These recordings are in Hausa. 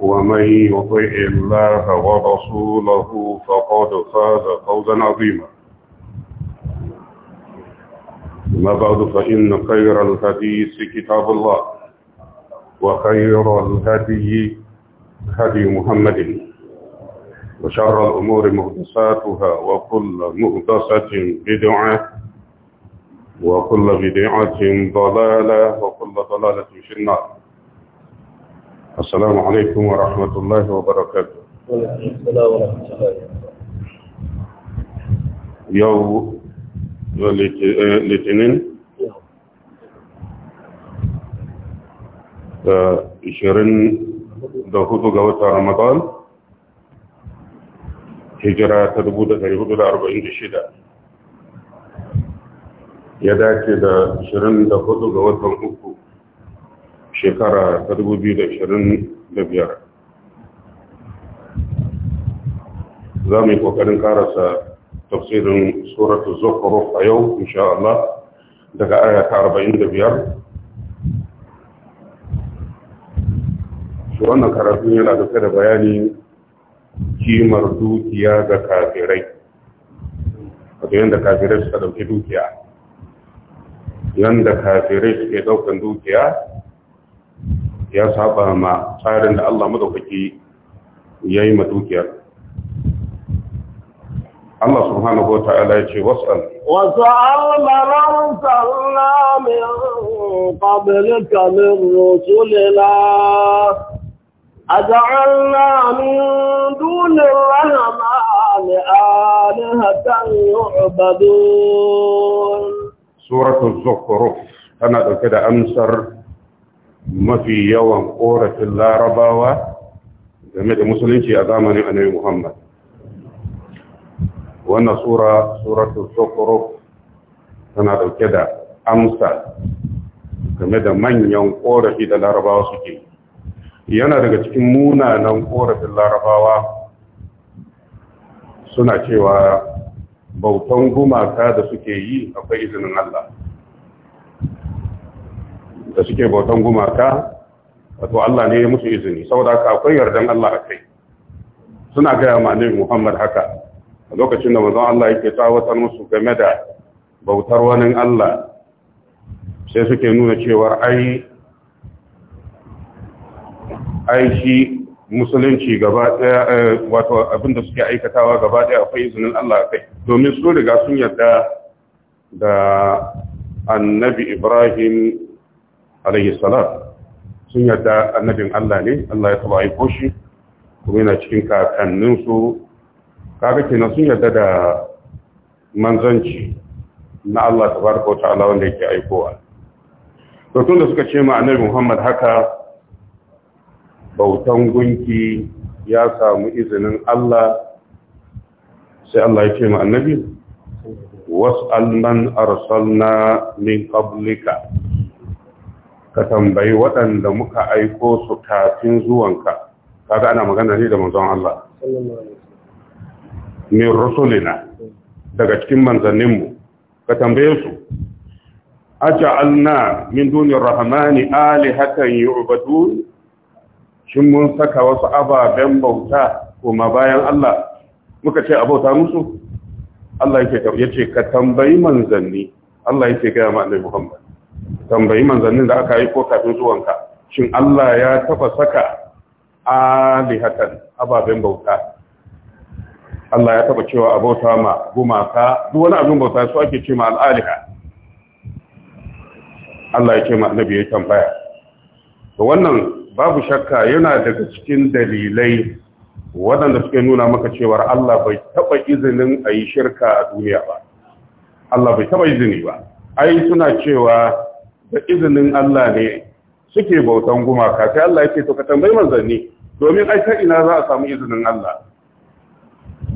ومن يطع الله ورسوله فقد فاز فوزا عظيما ما بعد فإن خير الحديث كتاب الله وخير الهدي هدي محمد وشر الأمور مهدساتها وكل مهدسة بدعة وكل بدعة ضلالة وكل ضلالة في النار السلام عليكم ورحمة الله وبركاته يو لتنين آه، آه، شرن دهوتو قوتا رمضان هجرة تدبودة في حدود الأربعين تشيدة يداك ده شرن دهوتو قوتا الأكو shekara ta 2025 za mu yi kokarin karasa tafsirin suratul zokoro a yau insha Allah daga aya ta 45 shi wannan karatun yana dauke da bayani kimar dukiya ga kafirai wato yadda kafirai suka dauke dukiya yadda kafirai suke daukan dukiya ya saba ma tsarin da Allah madaukaki ya yi matukiyar. Allah subhanahu wa ta’ala ya ce, Wasan. Wata almaran salamin ƙabilika min rusulina, a za’an namin dunin rahama ne a ne hatan yi Suratul Zokoro, tana ɗauke da amsar mafi yawan korafin larabawa game da musulunci a zamanin annabi muhammad wannan sura suratul sokoro tana dauke da amsa game da manyan korafi da larabawa suke yana daga cikin munanan korafin larabawa suna cewa bautan gumaka da suke yi akwai izinin allah da suke bautan gumaka wato Allah ne ya musu izini saboda haka akwai yardan Allah a kai suna gaya ma annabi Muhammad haka a lokacin da manzon Allah yake tawatar musu game da bautar wani Allah sai suke nuna cewa ai ai shi musulunci gaba daya eh, wato abinda suke aikatawa gaba daya akwai izinin Allah kai domin su riga sun yarda da annabi Ibrahim alaihi salam sun yarda annabin Allah ne Allah ya taba aiko shi kuma yana cikin kakannin su kaga kenan sun yarda da manzanci na Allah tabaraka wa ta'ala wanda yake aikowa to tunda suka ce ma annabi Muhammad haka bautan gunki ya samu izinin Allah sai Allah ya ce ma annabi was'al man arsalna min qablika ka tambayi waɗanda muka aiko su kafin zuwanka kaga ana magana ne da manzon Allah min rusulina daga cikin manzanninmu ka tambaye su aja'alna min dunir rahmani alihatan yu'badun shin mun saka wasu ababen bauta kuma bayan Allah muka ce abauta musu Allah yake ce ka tambayi manzanni Allah yake ga annabi Muhammad tambayi manzannin da aka yi ko kafin zuwanka shin Allah ya taba saka alihatan ababen bauta Allah ya taba cewa abota ma gumaka duk wani abin bauta su ake ce ma al'aliha Allah ya ce ma annabi ya tambaya to wannan babu shakka yana daga cikin dalilai waɗanda suke nuna maka cewar Allah bai taba izinin a yi shirka a duniya ba Allah bai taba izini ba ai suna cewa da izinin Allah ne suke bautan gumaka sai Allah yake to ka tambayi manzanni domin ai ta ina za a samu izinin Allah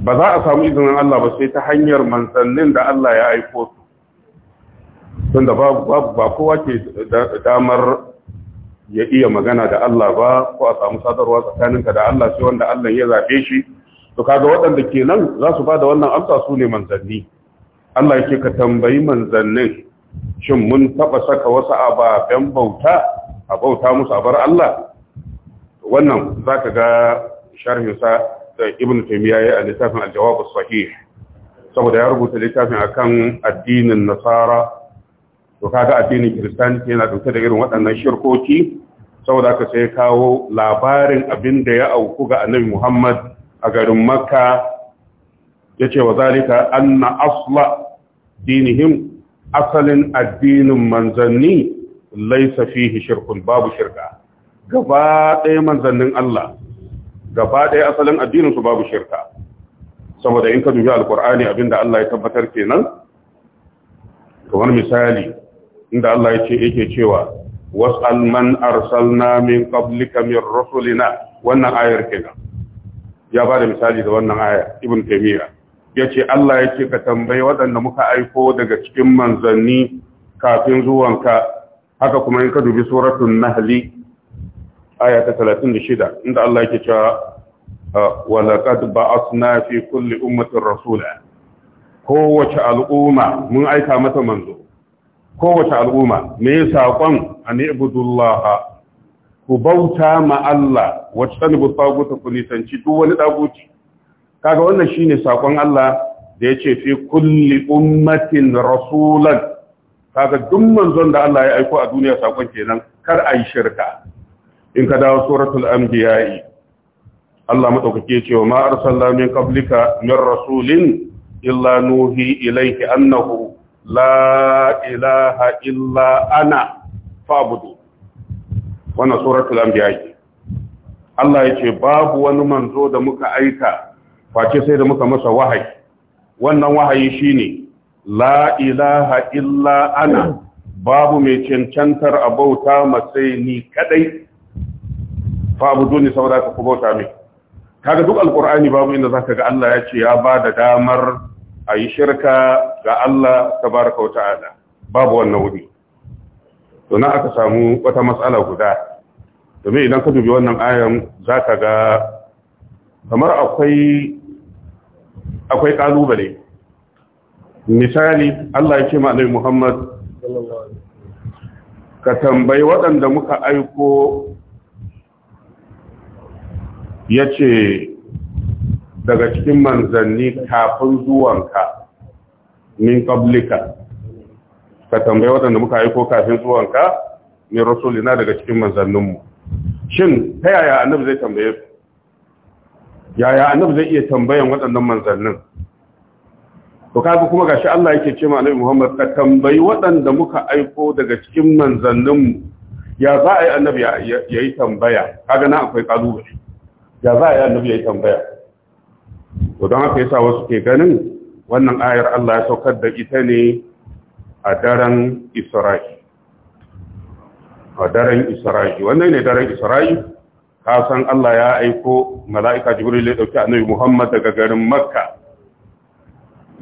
ba za a samu izinin Allah ba sai ta hanyar manzannin da Allah ya aiko su tunda ba kowa ke damar ya iya magana da Allah ba ko a samu sadarwa tsakaninka da Allah sai wanda Allah ya zabe shi to kaga waɗanda kenan za su ba da wannan amsa su ne manzanni Allah yake ka tambayi manzannin shin mun taɓa saka wasu ababen bauta a bauta musu a bar Allah wannan za ka ga sharhinsa da ibn taimiyya ya a littafin aljawabu sahih saboda ya rubuta littafin akan addinin nasara to kaga addinin kiristanci yana dauke da irin waɗannan shirkoki saboda aka sai kawo labarin abin da ya auku ga annabi muhammad a garin makka ya ce wa zalika anna asla dinihim asalin addinin manzanni laisa fihi shirkun babu shirka gaba ɗaya manzannin Allah gaba ɗaya asalin addinin su babu shirka saboda in ka dubi alkur'ani abinda Allah ya tabbatar kenan kamar misali inda Allah ya ce yake cewa was'al man arsalna min qablika min rusulina wannan ayar kenan ya bada misali da wannan aya ibn taymiyyah ya ce Allah ya ce ka tambayi waɗanda muka aiko daga cikin manzanni kafin zuwanka haka kuma in ka dubi suratun nahali ayata 36 inda Allah yake cewa ah, walaqad suna fi kulli ummatin rasula kowace al'umma mun aika mata manzo kowace al'umma me saƙon an ibudullah ku bauta ma Allah wacce tanibu taguta ku nisanci duk wani daguci kaga wannan shine sakon Allah da yace fi kulli ummatin rasulan kaga duk manzon da Allah ya aiko a duniya sakon kenan kar a yi shirka in ka dawo suratul anbiya Allah madaukake ce wa ma arsalna min qablika min rasulin illa nuhi ilayhi annahu la ilaha illa ana fa'budu wannan suratul anbiya Allah yace babu wani manzo da muka aika face sai da muka masa wahayi wannan wahayi shine la ilaha illa ana babu mai cancantar abauta masai ni kadai babu ne saboda ka ku bauta mai kaga duk alkur'ani babu inda zaka ga Allah ya ce ya ba da damar a yi shirka ga Allah tabaraka wa babu wannan wuri to na aka samu wata matsala guda domin idan ka dubi wannan ayan za ka ga kamar akwai akwai kalubale misali Allah ya ce ma annabi Muhammad ka tambayi waɗanda muka aiko ya ce daga cikin manzanni kafin zuwanka min ƙablika ka tambayi waɗanda muka aiko kafin zuwanka min rasulina daga cikin manzanninmu shin ta yaya annabi zai tambaye su yaya annabi zai iya tambayan waɗannan manzannin to kaga kuma gashi Allah yake ce annabi Muhammad ka tambayi waɗanda muka aiko daga cikin manzannin ya za a yi annabi yayi tambaya kaga na akwai kalubale ya za a yi annabi yayi tambaya to don haka yasa wasu ke ganin wannan ayar Allah ya saukar da ita ne a daren Isra'i a daren Isra'i wannan ne daren Isra'i ka san Allah ya aiko mala'ika jibril ya dauki annabi Muhammad daga garin Makka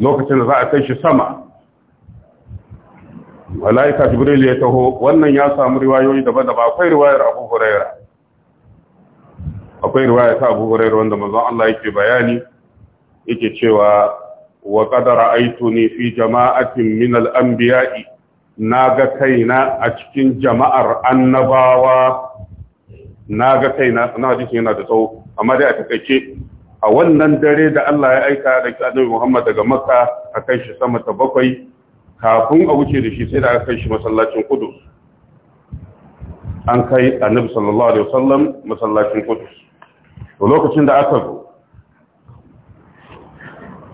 lokacin da za a kai shi sama mala'ika jibril ya taho wannan ya samu riwayoyi daban-daban akwai riwayar Abu Huraira. akwai riwaya ta Abu Huraira wanda mazan Allah yake bayani yake cewa wa aito ne fi jama'atin min al Na ga kaina a cikin jama'ar annabawa na ga kaina na jikin yana da tsawo amma dai a takaice a wannan dare da Allah ya aika da annabi Muhammad daga Makka a kan shi sama ta bakwai kafin a wuce da shi sai da aka kai shi masallacin Qudus an kai annabi sallallahu alaihi wasallam masallacin Qudus to lokacin da aka zo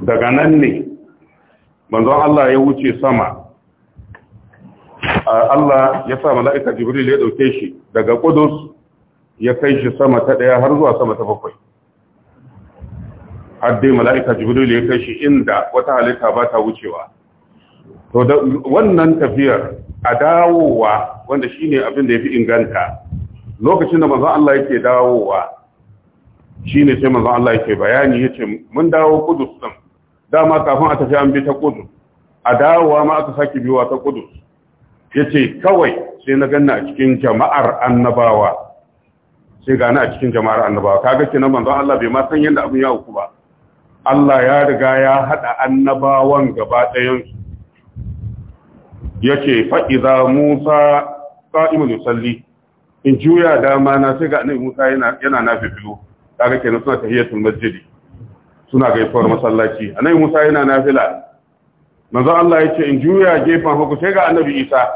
daga nan ne manzo Allah ya wuce sama Allah ya sa mala'ika Jibril ya dauke shi daga Qudus ya kai shi sama ta ɗaya har zuwa sama ta bakwai haddai mala'ika jibril ya kai shi inda wata halitta ba ta wucewa to wannan tafiyar a dawowa wanda shine abin da ya fi inganta lokacin da manzon Allah yake dawowa shine sai manzon Allah yake bayani yace mun dawo Qudus din dama kafin a tafi an bi ta Kudus. a dawowa ma aka saki biwa ta Ya yace kawai sai na ganna a cikin jama'ar annabawa sai na a cikin jama'ar annabawa kaga kenan manzon Allah bai ma san yanda abin ya hukuba ba Allah ya riga ya hada annabawan gaba ɗayan su yace fa idza Musa qa'imun yusalli in juya dama na sai ga annabi Musa yana yana nafilu kaga kenan suna tahiyatul masjid suna gaisuwar masallaci annabi Musa yana nafila manzon Allah yace in juya gefen hagu sai ga annabi Isa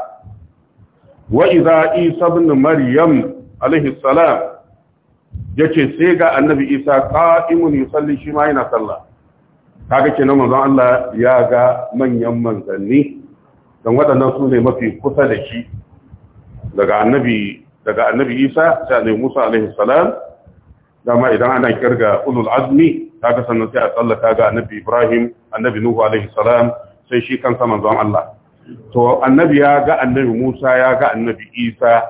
wa idza Isa ibn Maryam alaihi salam yace sai ga annabi isa qa'imun yusalli shi ma yana sallah kaga kenan manzon Allah ya ga manyan manzanni dan waɗannan su ne mafi kusa da shi daga annabi daga annabi isa sai annabi musa alaihi salam dama idan ana kirga ulul azmi kaga sannan sai a ta ga annabi ibrahim annabi nuhu alaihi salam sai shi kansa manzon Allah to annabi ya ga annabi musa ya ga annabi isa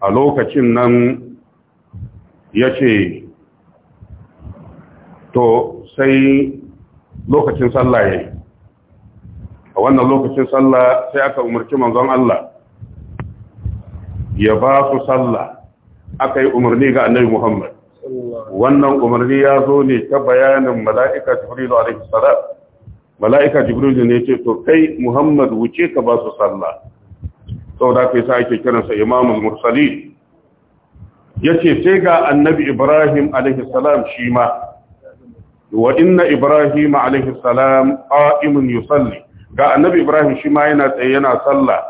a lokacin nan ya ce to sai lokacin sallah ya yi a wannan lokacin sallah sai aka umarci manzon Allah ya ba su sallah aka yi umarni ga annabi Muhammad wannan umarni ya zo ne ta bayanin mala'ika jibrilu alaihi salam mala'ika jibrilu ne ce to kai Muhammad wuce ka ba su sallah sau da aka sa ake kiransa imamul mursali yace sai ga annabi Ibrahim alaihi salam shi ma wa inna Ibrahim alaihi salam qa'imun yusalli ga annabi Ibrahim shi ma yana tsaye yana sallah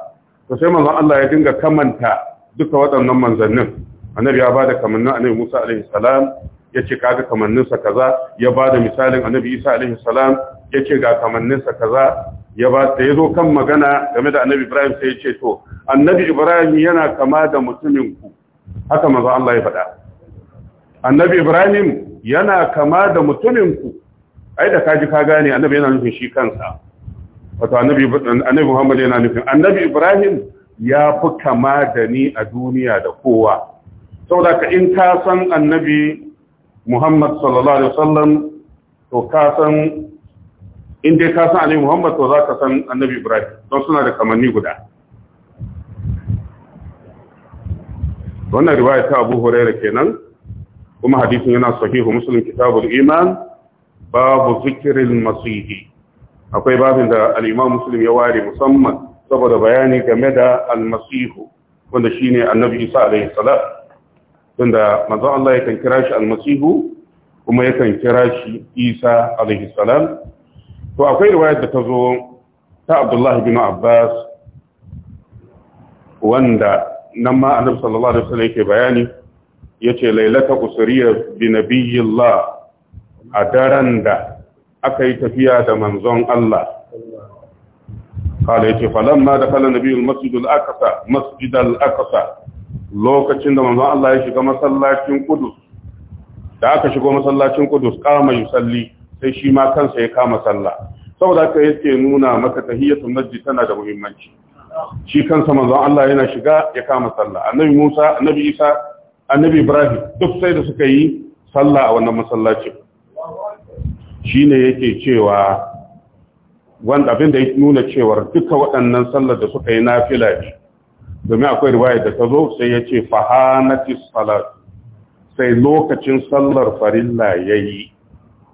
to sai manzon Allah ya dinga kamanta duka waɗannan manzannin annabi ya ba da kamannin annabi Musa alaihi salam yace kaga kamanninsa kaza ya ba da misalin annabi Isa alaihi salam yace ga kamanninsa kaza ya ba ta yazo kan magana game da annabi Ibrahim sai ya ce to annabi Ibrahim yana kama da mutumin ku haka manzo Allah ya faɗa annabi Ibrahim yana kama da mutuminku. ai da kaji ka gane annabi yana nufin shi kansa wato annabi annabi Muhammad yana nufin annabi Ibrahim ya fi kama da ni a duniya da kowa saboda ka in ka san annabi Muhammad sallallahu alaihi wasallam to ka san in dai ka san annabi Muhammad to za ka san annabi Ibrahim don suna da kamanni guda wannan riwaya ta Abu Hurairah kenan kuma hadisin yana sahihu Muslim kitabul iman babu zikirin masihi. akwai babin da al musulun ya ware musamman saboda bayani game da al-masih wanda ne annabi Isa alaihi salam tunda manzo Allah yakan kira shi al-masih kuma yakan kira shi Isa alaihi salam to akwai riwayar da ta zo ta Abdullahi bin Abbas wanda nan ma annabi sallallahu alaihi wasallam yake bayani yace lailata usriya bi nabiyillah a daren da aka yi tafiya da manzon Allah kala yace falamma da kala nabiyul masjidul aqsa masjidal aqsa lokacin da manzon Allah ya shiga masallacin Qudus da aka shigo masallacin Qudus kama yusalli sai shi ma kansa ya kama sallah saboda haka yake nuna maka tahiyatul masjid tana da muhimmanci shi kansa manzon Allah yana shiga ya kama sallah annabi Musa annabi Isa annabi Ibrahim duk sai da suka yi sallah a wannan masallacin shine yake cewa wanda abin da ya nuna cewa duka waɗannan sallar da suka yi nafila ne domin akwai riwaya da ta zo sai ya ce fahanati salat sai lokacin sallar farilla yayi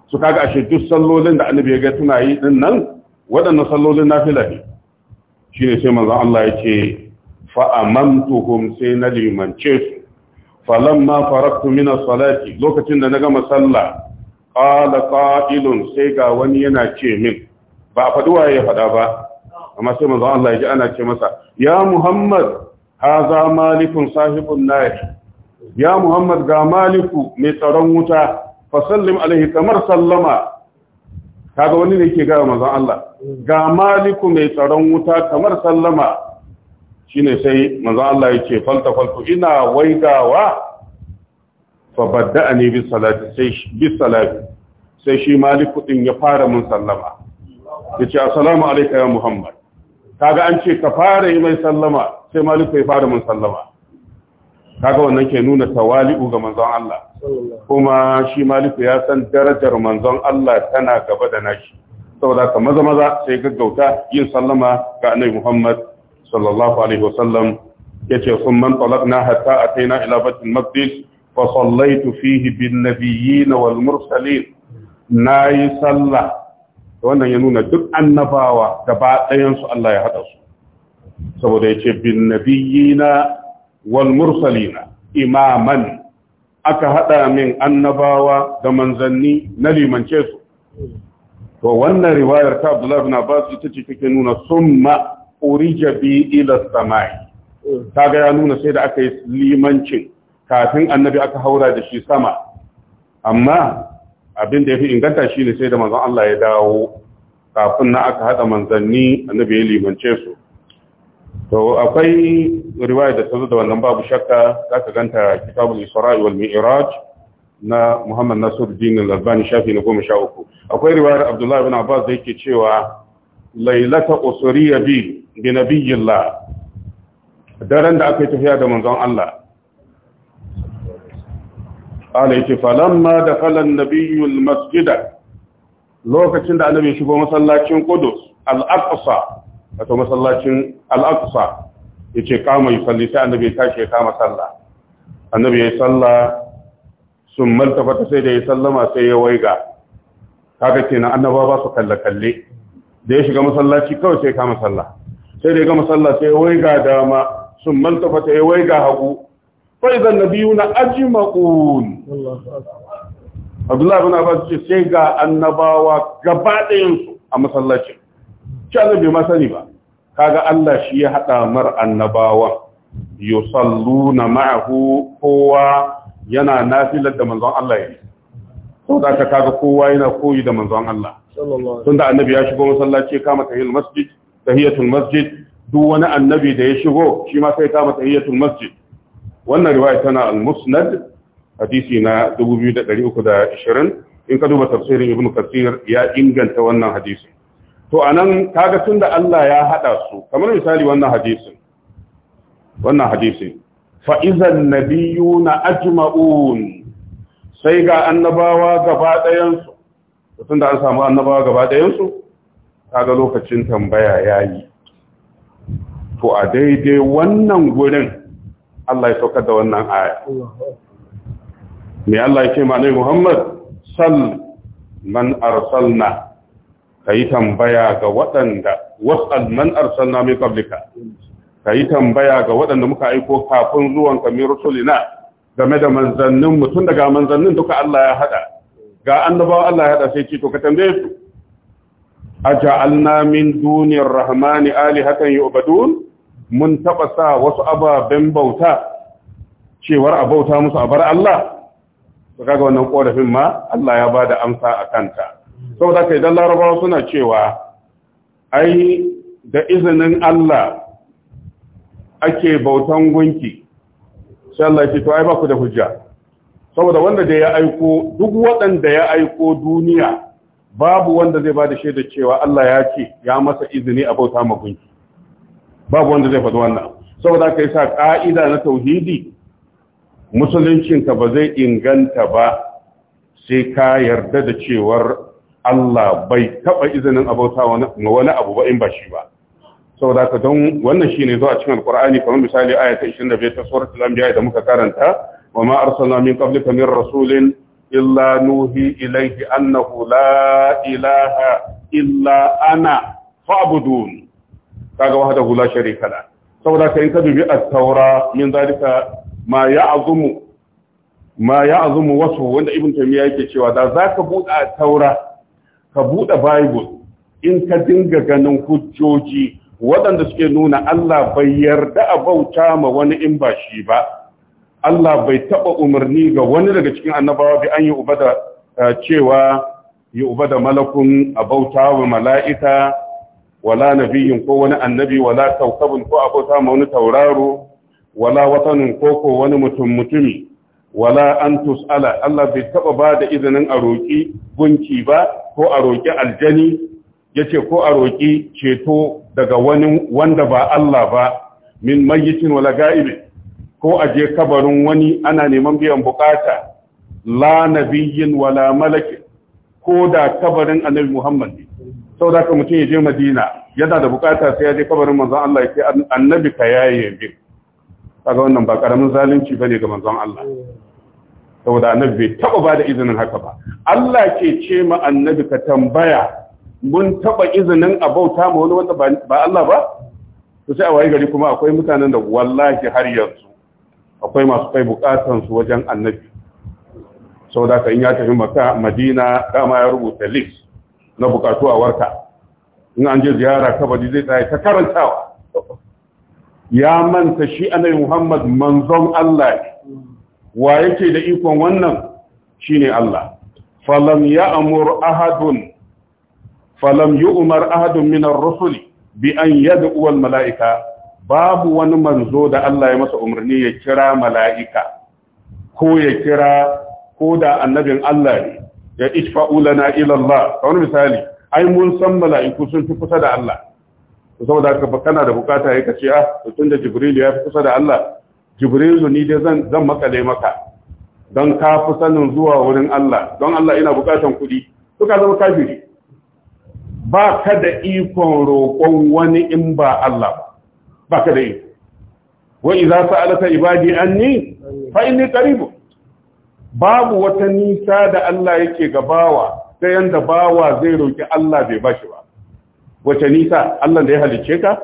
su kaga ashe duk sallolin da annabi ya ga suna yi din nan waɗannan sallolin nafila ne ne sai manzon Allah yace fa amamtuhum sai na limance su ma faraktu mina salaki. salati lokacin da na gama sallah qala qa'ilun sai ga wani yana ce min ba faɗi waye ya faɗa ba amma sai manzon Allah ya ji ana ce masa ya Muhammad haza malikun sahibun nari ya Muhammad ga maliku mai tsaron wuta fa sallim alaihi kamar sallama kaga wani ne ke gaya manzon Allah ga maliku mai tsaron wuta kamar sallama shine sai manzon Allah yake falta falto ina waigawa fa badda'ani bi salati sai bi salati sai shi maliku din ya fara mun sallama yace assalamu alayka ya muhammad kaga an ce ka fara yi mai sallama sai maliku ya fara mun sallama kaga wannan ke nuna tawali'u ga manzon Allah kuma shi maliku ya san darajar manzon Allah tana gaba da nashi saboda ka maza maza sai gaggauta yin sallama ga annabi Muhammad sallallahu alaihi wasallam yace sun man talaqna hatta ataina ila batil maqdis fa sallaitu fihi bin nabiyyin wal mursalin nayi sallah wannan ya nuna duk annabawa gaba ɗayan su Allah ya hada su saboda yace bin nabiyina wal mursalina imaman aka haɗa min annabawa da manzanni na limance su to wannan riwayar ta Abdullah ibn Abbas ita ce take nuna summa urija bi ila samai kaga ya nuna sai da aka yi limancin kafin annabi aka haura da shi sama amma abin da ya fi inganta shi ne, sai da manzon Allah ya dawo kafin na aka hada manzanni annabi ya limance su to akwai riwaya da ta zo da wannan babu shakka zaka ganta kitabul isra'i wal mi'raj na Muhammad Nasiruddin al-Albani shafi na uku. akwai riwayar Abdullah ibn Abbas da yake cewa lailata Usuriya bi bi nabiyillah daren da aka yi tafiya da manzon Allah ala yake falamma da falan nabiyul masjida lokacin da annabi shigo masallacin Qudus al-Aqsa wato masallacin al’aƙusa ya ce kama salli sai annabi ya tashi ya kama salla annabi ya salla sun maltafata sai da ya sallama sai ya waiga ke na annaba ba su kalle kalle da ya shiga masallaci kawai sai kama salla sai da ya gama sallah sai ya waiga dama sun maltafata ya waiga hagu biyu na aji maƙun abdullahi ibn Abbas ce sai ga annabawa gaba ɗayan su a masallacin shi Allah bai ma sani ba kaga Allah shi ya hada mar annabawan yusalluna ma'ahu kowa yana nafilar da manzon Allah yake to da ka kaga kowa yana koyi da manzon Allah tunda annabi ya shigo masallaci kama tahiyyatul masjid tahiyatul masjid duk wani annabi da ya shigo shi ma sai kama tahiyatul masjid wannan riwaya tana al-musnad hadisi na 2320 in ka duba tafsirin ibnu kathir ya inganta wannan hadisi to anan kaga da Allah ya haɗa su kamar misali wannan hadisin wannan hadisin fa izan nabiyuna ajma'un sai ga annabawa gaba ɗayan su da an samu annabawa gaba ɗayan su kaga lokacin tambaya yayi to a daidai wannan gurin Allah ya saukar da wannan aya me Allah ya ce ma Muhammad sal man arsalna kayi tambaya ga waɗanda wasal man arsalna min qablika kayi tambaya ga waɗanda muka aiko kafin zuwan ka mai rusulina game da manzannin mutun tun daga manzannin duka Allah ya hada ga annabawa Allah ya hada sai ci to ka tambaye su aja'alna min dunir rahmani alihatan yu'badun mun taɓa sa wasu ababen bauta cewar a bauta musu a bar Allah kaga wannan korafin ma Allah ya bada amsa a kanta saboda kai dan larabawa suna cewa ai da izinin Allah ake bautan gunki sai Allah ce to ai ba ku da hujja saboda wanda da ya aiko duk waɗanda ya aiko duniya babu wanda zai ba da shaida cewa Allah ya ce ya masa izini a bauta ma gunki babu wanda zai faɗi wannan saboda kai sa ka'ida na tauhidi musuluncinka ba zai inganta ba sai ka yarda da cewar Allah bai taɓa izinin abauta wa wani abu ba in ba shi ba saboda ka don wannan shi ne zuwa cikin alqur'ani kamar misali aya ta 25 ta suratul anbiya da muka karanta wa ma arsalna min qablika min rasulin illa nuhi ilayhi annahu la ilaha illa ana fa'budun kaga wahdahu la sharika la saboda ka in ka dubi at-taura min zalika ma ya'zumu ma ya wasu wanda ibn tamiya yake cewa da zaka buɗe a taura ka buɗe bible in ka dinga ganin hujjoji waɗanda suke nuna Allah bai yarda a bauta ma wani in ba shi ba Allah bai taɓa umarni ga wani daga cikin annabawa bi an yi uba da eh, cewa yi uba da malakun a bauta wa mala'ika wala nabiyin ko wani annabi wala kaukabin ko a bauta ma wani tauraro wala watanin ko ko wani mutum mutumi wala an tus'ala Allah bai taɓa ba da izinin a roƙi gunki ba ko a roƙi aljani ya ce ko a roƙi ceto daga wani wanda ba Allah ba min mayyitin wala ga'ibi ko a je kabarin wani ana neman biyan bukata la nabiyyin wala malakin ko da kabarin annabi Muhammad ne sau da ka mutum ya je Madina yana da bukata sai ya je kabarin manzon Allah ya ce annabi ka yaye bi kaga wannan ba karamin zalunci bane ga manzon Allah saboda annabi bai taba ba da izinin haka ba Allah ke ce ma annabi ka tambaya mun taba izinin a bauta ma wani wanda ba Allah ba to sai a waye gari kuma akwai mutanen da wallahi har yanzu akwai masu kai bukatan su wajen annabi saboda kai in ya tafi maka madina dama ya rubuta list na bukatu a warka in an je ziyara kabari zai tsaya ta karantawa ya manta shi annabi Muhammad manzon Allah ne wa yake da ikon wannan shine Allah falam amur ahadun falam umar ahadun min ar bi an yad'u al-mala'ika babu wani manzo da Allah ya masa umarni ya kira mala'ika ko ya kira ko da annabin Allah ne ya ishfa'u lana ila Allah wani misali ai mun san mala'iku sun fi kusa da Allah saboda haka kana da bukata ya kace ah tun da Jibril ya fi kusa da Allah jibrilu ni dai zan zan makale maka don ka fi sanin zuwa wurin Allah don Allah ina bukatan kuɗi suka zama kafiri ba ka da ikon roƙon wani in ba Allah ba ka da iko wa idza sa'alaka ibadi anni fa inni qarib babu wata nisa da Allah yake gabawa ta yanda bawa zai roki Allah bai bashi ba wata nisa Allah da ya halicce ka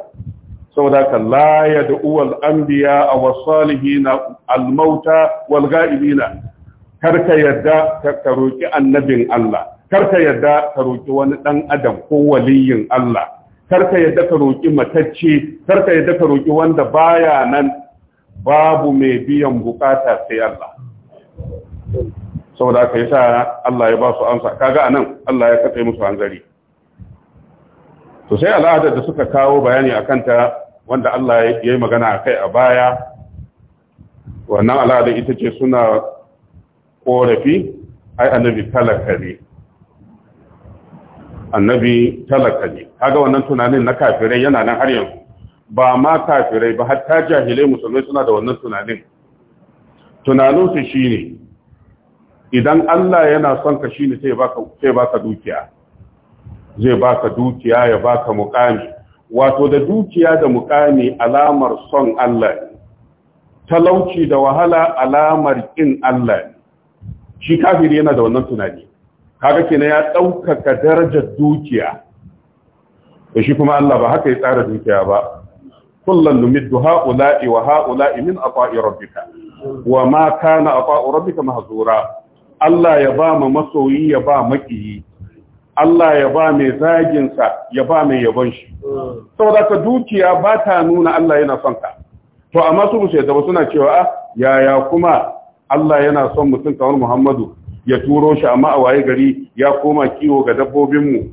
saboda ka la yad'u al anbiya a salihin al mauta wal ghaibina karka yadda ka roƙi annabin Allah karka yadda ka roƙi wani ɗan adam ko waliyin Allah karka yadda ka roki matacce karka yadda ka roƙi wanda baya nan babu mai biyan bukata sai Allah saboda aka yi sa Allah ya ba su amsa kaga anan Allah ya katse musu hanzari to sai al'adar da suka kawo bayani akan ta wanda Allah ya yi magana a kai a baya wannan al'adar ita ce suna korafi ai annabi talaka ne annabi talaka ne kaga wannan tunanin na kafirai yana nan har yanzu ba ma kafirai ba hatta jahilai musulmai suna da wannan tunanin tunaninsu shine idan Allah yana son ka shine sai baka sai baka dukiya zai baka dukiya ya baka muƙami wato da dukiya da mukami alamar son Allah talauci da wahala alamar kin Allah shi kafiri yana da wannan tunani kaga kina ya ɗaukaka darajar dukiya da shi kuma Allah ba haka ya tsara dukiya ba kullum numiddu ha'ula'i wa ha'ula'i min ata'i rabbika wa ma kana ata'u rabbika mahzura Allah ya ba ma masoyi ya ba makiyi Allah ya ba mai zaginsa ya ba mai yabon shi saboda ka dukiya ba ta nuna Allah yana son ka to amma su musu yadda suna cewa ah, yaya kuma Allah yana son mutum kamar Muhammadu ya turo shi amma a waye gari ya koma kiwo ga dabbobinmu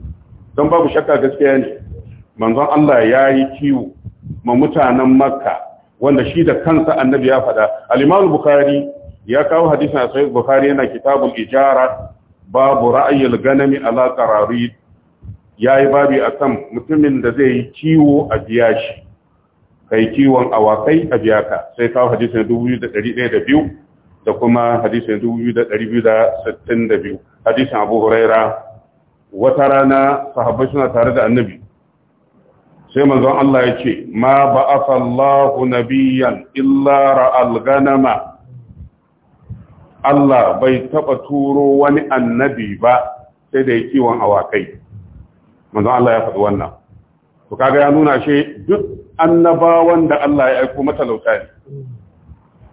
don babu shakka gaskiya ne manzon Allah ya yi kiwo ma mutanen Makka wanda shi da kansa annabi ya faɗa al Bukhari ya kawo hadisin a Sahih Bukhari yana kitabul ijara babu ra'ayyul ganami ala qararid yayi babi akan mutumin da zai yi kiwo a biya shi kai kiwon awakai a biya ka sai kawo hadisin 2102 da kuma hadisin 2262 hadisin Abu Huraira wata rana sahabbai suna tare da annabi sai manzon Allah ya ce ma ba'atha na nabiyyan illa ra'al ganama Allah bai taba turo wani annabi ba sai da ya kiwon awakai manzon Allah ya faɗi wannan to kaga ya nuna shi duk annabawan da Allah ya aiko matalauta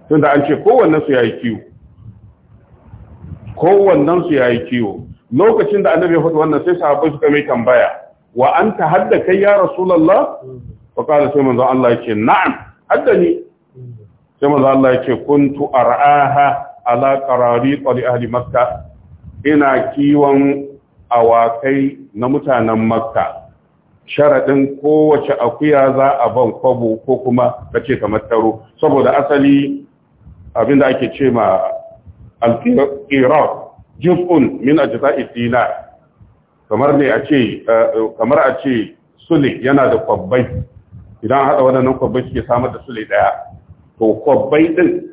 ne da an ce kowannen su yayi kiwo kowannen su yayi kiwo lokacin da annabi ya faɗi wannan sai sahabbai suka mai tambaya wa anta hadda kai ya rasulullah fa qala sai manzon Allah ya ce na'am haddani sai manzon Allah ya ce kuntu ar'aha ala qarari qali ahli makka ina kiwon awakai na mutanen makka Sharaɗin kowace akuya za a ban kwabo ko kuma kace kamar taro saboda asali abinda ake ce ma al-qirat juz'un min ajza'i kamar ne a ce eh, kamar a ce sule yana da kwabbai idan haɗa waɗannan kwabbai suke samar da sule ɗaya to kwabbai ɗin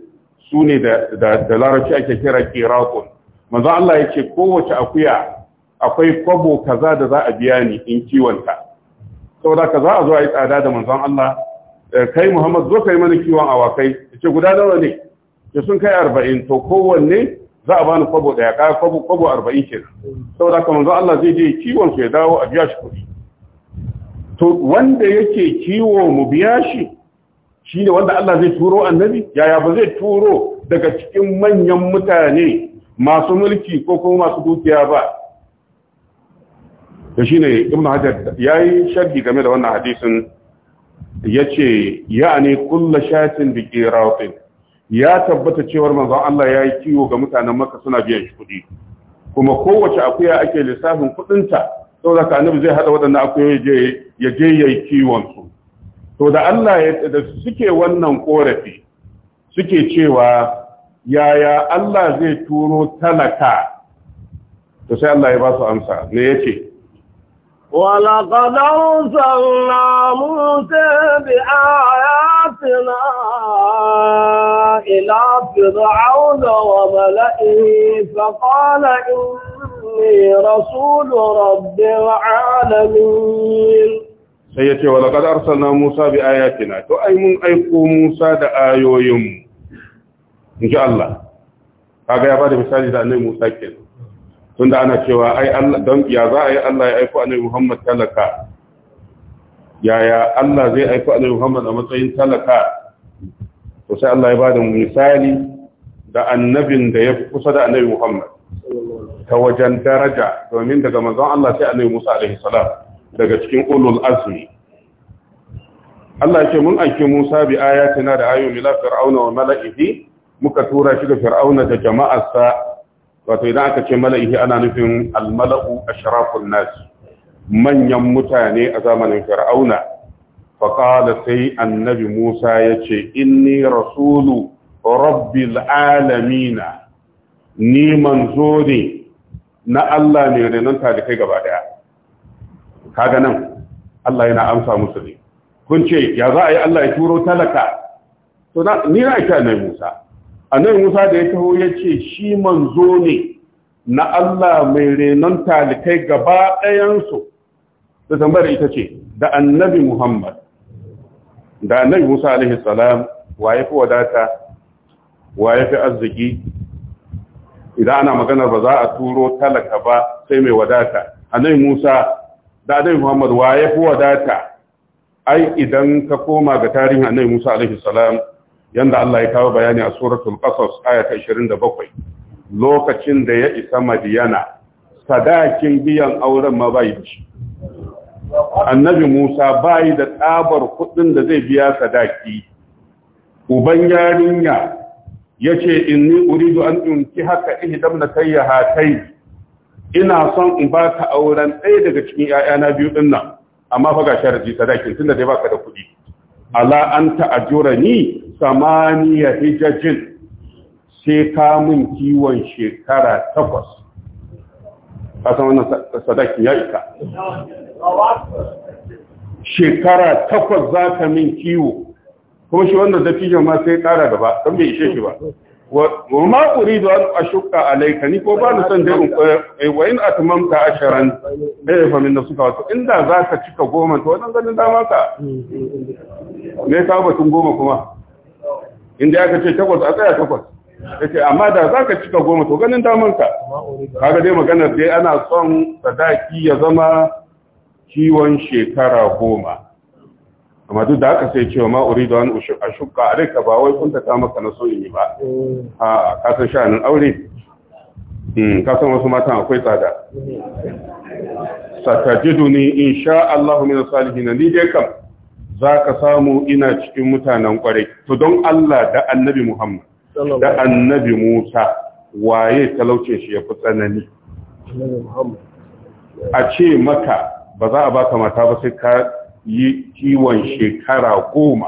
su ne da larabci ake kira kirakun manzo Allah ya ce kowace akuya akwai kwabo kaza da za a biya ni in kiwonta saboda ka za a zo a yi tsada da manzon Allah eh, kai Muhammad zo kai mana kiwon awakai ce guda nawa ne ke sun kai 40 to kowanne za a bani kwabo daya ka kwabo kwabo 40 ke saboda ka manzon Allah zai je kiwon su ya dawo a biya shi kuɗi to wanda yake kiwo mu biya shi shine wanda Allah zai turo annabi yaya ba zai turo daga cikin manyan mutane masu mulki ko kuma masu dukiya ba to ne ibn hajar yayi sharhi game da wannan hadisin yace ya'ani kullu shatin bi qiratin ya tabbata cewar manzon Allah ya yi kiwo ga mutanen Makka suna biyan shi kudi kuma kowace akuya ake lissafin kudinta saboda ka annabi zai haɗa waɗannan akuyoyi je ya je kiwon su to da Allah ya da suke wannan korafi suke cewa yaya Allah zai turo talaka to sai Allah ya ba su amsa ne yake wala qadar sallamu bi ayatina ila fir'aun wa mala'ihi fa qala inni rasul rabbil alamin sai ya ce wa laqad arsalna Musa bi ayatina to ai mun aiko Musa da ayoyin Inji Allah kaga ya bada misali da Annabi Musa kenan tunda ana cewa ai Allah don ya za a yi Allah ya aiko Annabi Muhammad talaka yaya Allah zai aiko Annabi Muhammad a matsayin talaka to sai Allah ya bada misali da annabin da ya fi kusa da Annabi Muhammad ta wajen daraja domin daga manzon Allah sai Annabi Musa alaihi salam daga cikin ulul azmi Allah yake mun aiki Musa bi ayatina da ayu fir'auna wa mala'ihi muka tura shi ga fir'auna da jama'arsa wato idan aka ce mala'ihi ana nufin al-mala'u ashrafun nas manyan mutane a zamanin fir'auna fa qala sai annabi Musa yace inni rasulu rabbil alamin ni manzuri na Allah ne renon talikai gaba daya kaga nan Allah yana amsa musu ne kun ce ya za a yi Allah ya turo talaka to ni na ita ne Musa annabi Musa da ya taho ya ce shi manzo ne na Allah mai renon talikai gaba su da tambayar ita ce da annabi Muhammad da annabi Musa alaihi salam wa ya fi wadata wa ya fi arziki idan ana maganar ba za a turo talaka ba sai mai wadata annabi Musa da annabi Muhammad wa ya fi wadata ai idan ka koma ga tarihin annabi Musa alaihi salam yanda Allah ya kawo bayani a suratul qasas aya ta 27 lokacin da ya isa Madiyana sadakin biyan auren ma bai shi annabi Musa bai da tsabar kudin da zai biya sadaki uban yarinya yace inni uridu an unki haka ihdamna tayyahatai ina son in ba ka auren ɗaya daga cikin ‘ya'yana biyu ɗin nan amma fa ga sharadi sadakin tunda dai baka da kuɗi ala an ta'ajura ni samaniya hijajin sai ka mun kiwon shekara takwas ka san wannan sadakin ya isa shekara takwas za ka min kiwo kuma shi wannan zafi ma sai ƙara gaba don bai ishe shi ba wa أريد أن أشك عليك alayka ni ko ba ni أشرا dai من eh, wa in atmamta asharan eh fa min nasuka wato inda zaka cika goma to كما ganin dama ka me ka batun goma kuma a tsaya takwas amma da zaka cika goma to ganin daman ka kaga dai maganar dai ana son sadaki ya zama ciwon shekara goma amma duk da aka sai cewa ma uridu an ashqa alayka ba wai kun ta maka na soyayya ba mm. a ka san sha'anin aure mm, ka san wasu matan akwai tsada ni insha Allah min salihin ni dai kam zaka samu ina cikin mutanen kwarai to don Allah da annabi Muhammad da annabi Musa waye talauce shi ya fi tsanani a ce maka ba za a baka mata ba sai ka yi kiwon shekara goma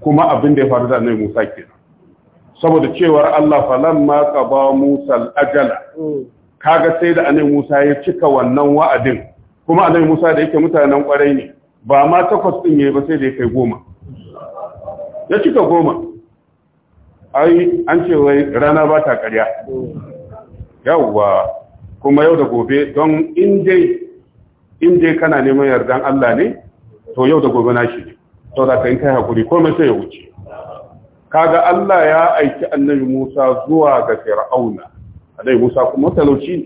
kuma abin da ya faru da annabi Musa kenan saboda cewar Allah ka ba Musa al-ajala kaga sai da anai Musa ya cika wannan wa'adin kuma anai Musa da yake mutanen kwarai ne ba ma takwas din yayi ba sai da ya kai goma ya cika goma ai an ce wai rana ba ta ƙarya yawwa kuma yau da gobe don in dai in dai kana neman yardan Allah ne to yau da gobe na shi ne to da kai kai hakuri komai sai ya wuce kaga Allah ya aiki annabi Musa zuwa ga Fir'auna annabi Musa kuma talauci ne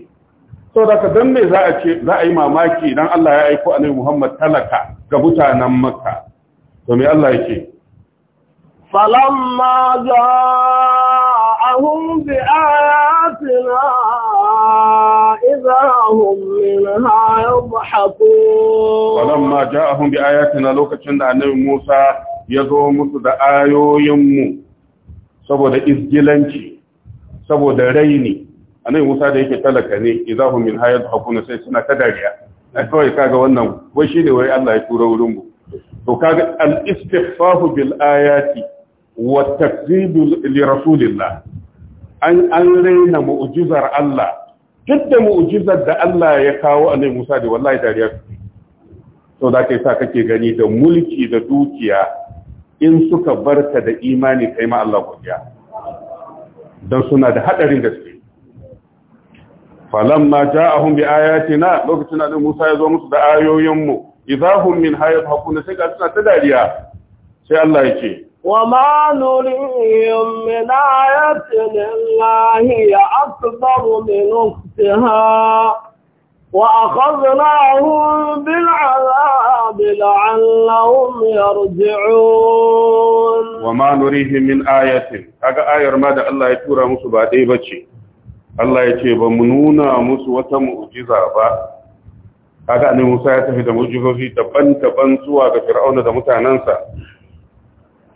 to da ka dan me za a ce za a yi mamaki dan Allah ya aiko annabi Muhammad talaka ga mutanen Makka to me Allah yake falamma ja'ahum bi ayatina idza يضحكون فلما na lokacin da دا Musa ya zo musu da ayoyinmu saboda izgilanci saboda raini annabi Musa da yake talaka ne idahum min hayat hakuna sai suna kadariya. Na a kawai kaga wannan wai shine wai Allah ya tura wurin mu to kaga al istifsahu bil ayati wa takzibu li rasulillah an an raina mu'jizar Allah duk da mu'jizar da Allah ya kawo annabi Musa da wallahi dariya to da kai sa kake gani da mulki da dukiya in suka barka da imani kai ma Allah godiya dan suna da hadarin gaske falamma ja'ahum bi ayatina lokacin da Musa ya zo musu da ayoyin mu idahum min hayat hakuna sai ka suna ta dariya sai Allah ya ce وما نريهم من آية إلا هي أكبر من أختها وأخذناهم بالعذاب لعلهم يرجعون وما نريهم من آية أجا آية ماذا الله يتورى مصبع ديبتشي الله يتيب منونا مصوة مؤجزة kaga ne Musa ya tafi da mujizozi daban-daban zuwa ga Fir'auna da mutanansa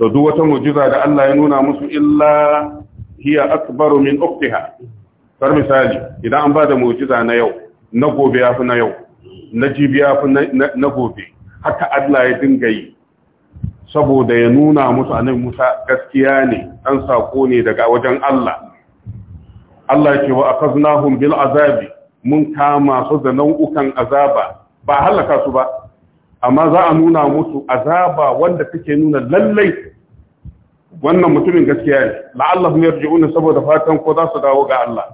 to duk wata mu'jiza da Allah ya nuna musu illa hiya akbaru min uqtiha kar misali idan an bada da mu'jiza na yau na gobe ya fi na yau na jibi ya fi na gobe haka Allah ya dinga yi saboda ya nuna musu annabi Musa gaskiya ne an sako ne daga wajen Allah Allah yake wa akaznahum bil azabi mun kama su da nau'ukan azaba ba halaka su ba amma za a nuna musu azaba wanda take nuna lallai wannan mutumin gaskiya ne la'allahum yarji'una saboda fatan ko za su dawo ga Allah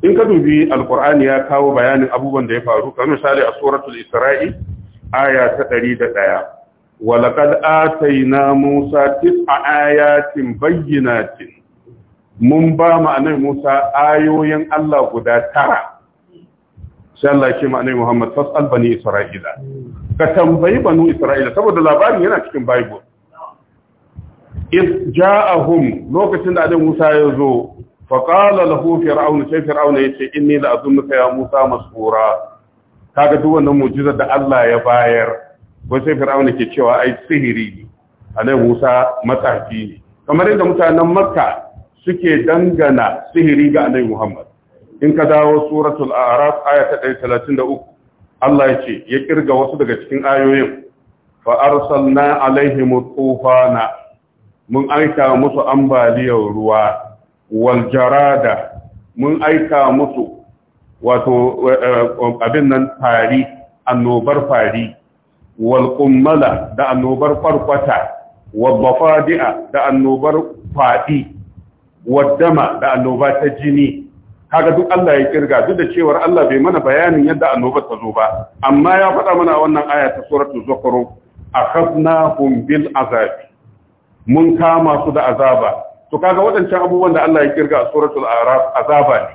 in ka dubi alqur'ani ya kawo bayanin abubuwan da ya faru kamar misali a suratul isra'i aya ta 101 ولقد آتينا موسى تسع آيات بينات mun ba ma'anar Musa ayoyin Allah guda tara sai Allah ke ma'anar Muhammad fasal bani Isra'ila ka tambayi banu Isra'ila saboda labarin yana cikin Bible a hum lokacin da Annabi Musa ya zo fa qala lahu fir'aun sai fir'aun yace inni la azunnuka ya Musa masfura kaga duk wannan mu'jizar da Allah ya bayar wai sai fir'aun ke cewa ai sihiri Annabi Musa matsafi ne kamar yadda mutanen Makka suke dangana sihiri ga Annabi Muhammad in ka dawo suratul a'raf aya ta 133 Allah ya ce ya kirga wasu daga cikin ayoyin fa arsalna alaihim tufana mun aika musu ambaliyar ruwa wal jarada mun aika musu wato eh, abin nan fari annobar fari wal kummala da annobar farkwata wal bafadi'a da annobar fadi waddama da annobar ta jini kaga duk Allah ya kirga duk da cewar Allah bai mana bayanin yadda annobar ta zo ba amma ya faɗa mana wannan aya ta suratul zukhruf akhadnahum bil azabi mun kama su da azaba to kaga waɗancan abubuwan da Allah ya kirga a suratul araf azaba ne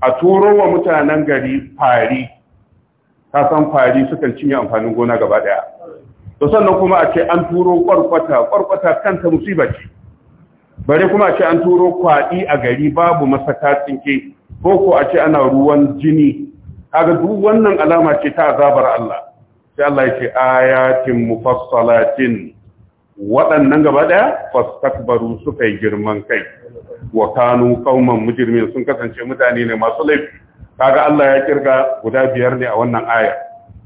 a turo wa mutanen gari fari ka san fari sukan cinye amfanin gona gaba daya to sannan kuma a ce an turo kwarkwata kwarkwata kanta musiba ce bare kuma a ce an turo kwaɗi a gari babu masaka tsinke ko a ce ana ruwan jini kaga duk wannan alama ce ta azabar Allah sai Allah ya ce ayatin mufassalatin waɗannan gaba ɗaya fastakbaru suka yi girman kai wa kanu qauman sun kasance mutane ne masu laifi kaga Allah ya kirga guda biyar ne a wannan aya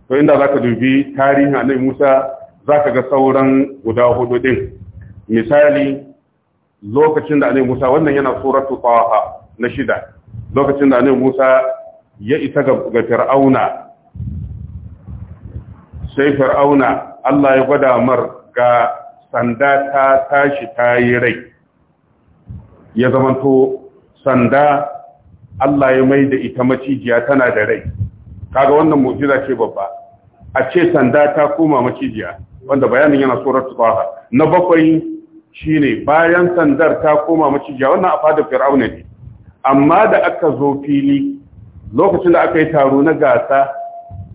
to inda zaka dubi tarihin Annabi Musa zaka ga sauran guda hudu din misali lokacin da Annabi Musa wannan yana suratu Taha na shida lokacin da Annabi Musa ya isa ga Fir'auna sai Fir'auna Allah ya gwada mar ga sanda ta tashi ta yi rai ya zamanto sanda Allah ya mai da ita macijiya tana da rai kaga wannan mu'jiza ce babba a ce sanda ta koma macijiya wanda bayanin yana surar tubaha na bakwai shine bayan sandar ta koma macijiya wannan a fadar fir'auna ne amma da aka zo fili lokacin da aka yi taro na gasa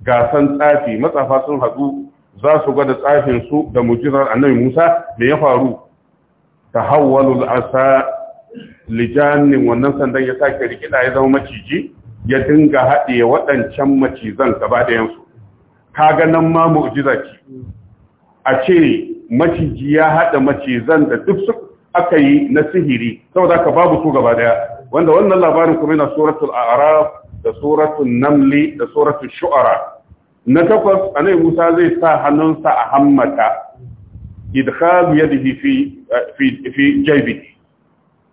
gasan tsafi matsafa sun haɗu za su gwada tsafin su da mujizar annabi Musa da ya faru tahawwalul asa lijanin wannan sandan ya sake rikida ya zama maciji ya dinga haɗe waɗancan macizan gaba da yansu kaga nan ma mu'jiza ce a ce maciji ya haɗa macizan da duk su aka yi na sihiri saboda ka babu su gaba daya wanda wannan labarin kuma yana suratul a'raf da suratul namli da suratul shu'ara na takwas anai musa zai sa hannunsa a hammata idkhalu yadihi fi fi fi jaybi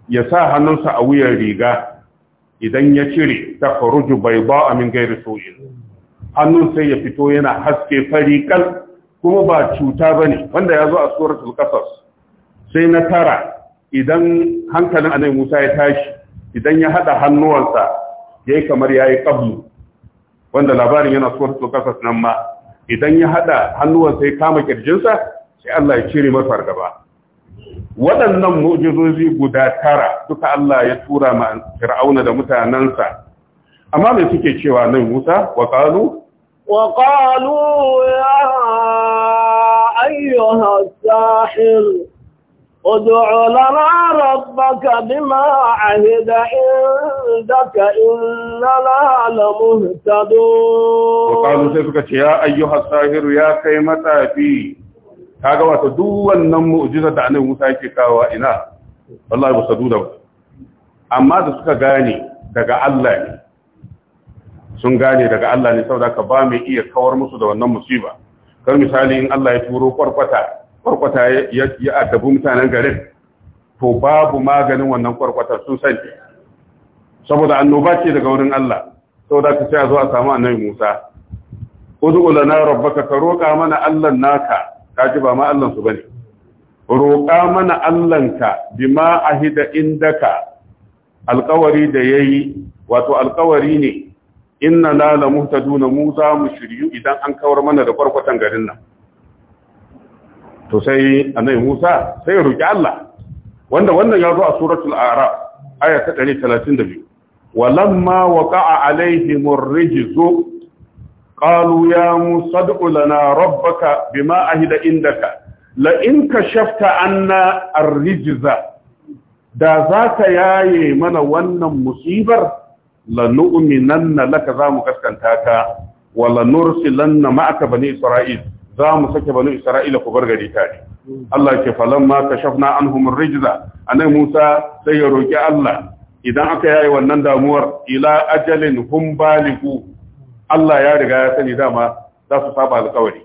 ya sa hannunsa a wuyan riga idan ya cire ta kharuju bayda min ghairi su'in hannun sai ya fito yana haske fari kal kuma ba cuta bane wanda ya zo a suratul qasas sai na tara idan hankalin anai musa ya tashi idan ya hada hannuwansa yayi kamar yayi qablu wanda labarin yana su kasas nan ma idan ya hada hannuwan sai kama kirjinsa sai Allah ya cire masa gaba waɗannan mu'jizozi guda tara duka Allah ya tura ma Fir'auna da mutanansa amma me suke cewa nan Musa wa qalu wa qalu ya ayyuha sahir ادع لنا ربك بما عهد عندك إننا لمهتدون ya سيفك يا أيها الساهر يا كيمة في kaga wata duk wannan mu'jiza da annabi Musa yake kawo ina wallahi ba su duda amma da suka gane daga Allah sun gane daga Allah ne saboda ka ba mai iya kawar musu da wannan musiba kar misali in Allah ya turo kwarkwata kwarkwata ya addabu mutanen garin to babu maganin wannan kwarkwata sun sani saboda annoba ce daga wurin Allah saboda ka sai a zo a samu annabi Musa ud'u lana rabbaka ka roƙa mana Allah naka kaji ba ma Allah su bane roƙa mana ka bima ahida indaka alƙawari da yayi wato alƙawari ne inna la lamuhtaduna mu za mu shiryu idan an kawar mana da kwarkwatan garin nan to sai annabi Musa sai ya roki Allah wanda wannan ya zo a suratul a'raf aya ta 132 walamma waqa'a alaihim ar-rijz qalu ya Musa ad'u lana rabbaka bima ahida indaka la in kashafta anna ar-rijza da zaka yaye mana wannan musibar lanu'minanna laka zamu kaskanta ka wala nursilanna ma'aka bani isra'il za mu sake banu isra'ila ku bar gari tare Allah ke falan ma kashafna anhum rijza anan Musa sai ya roki Allah idan aka yayi wannan damuwar ila ajalin hum baligu Allah ya riga ya sani dama za su saba alƙawari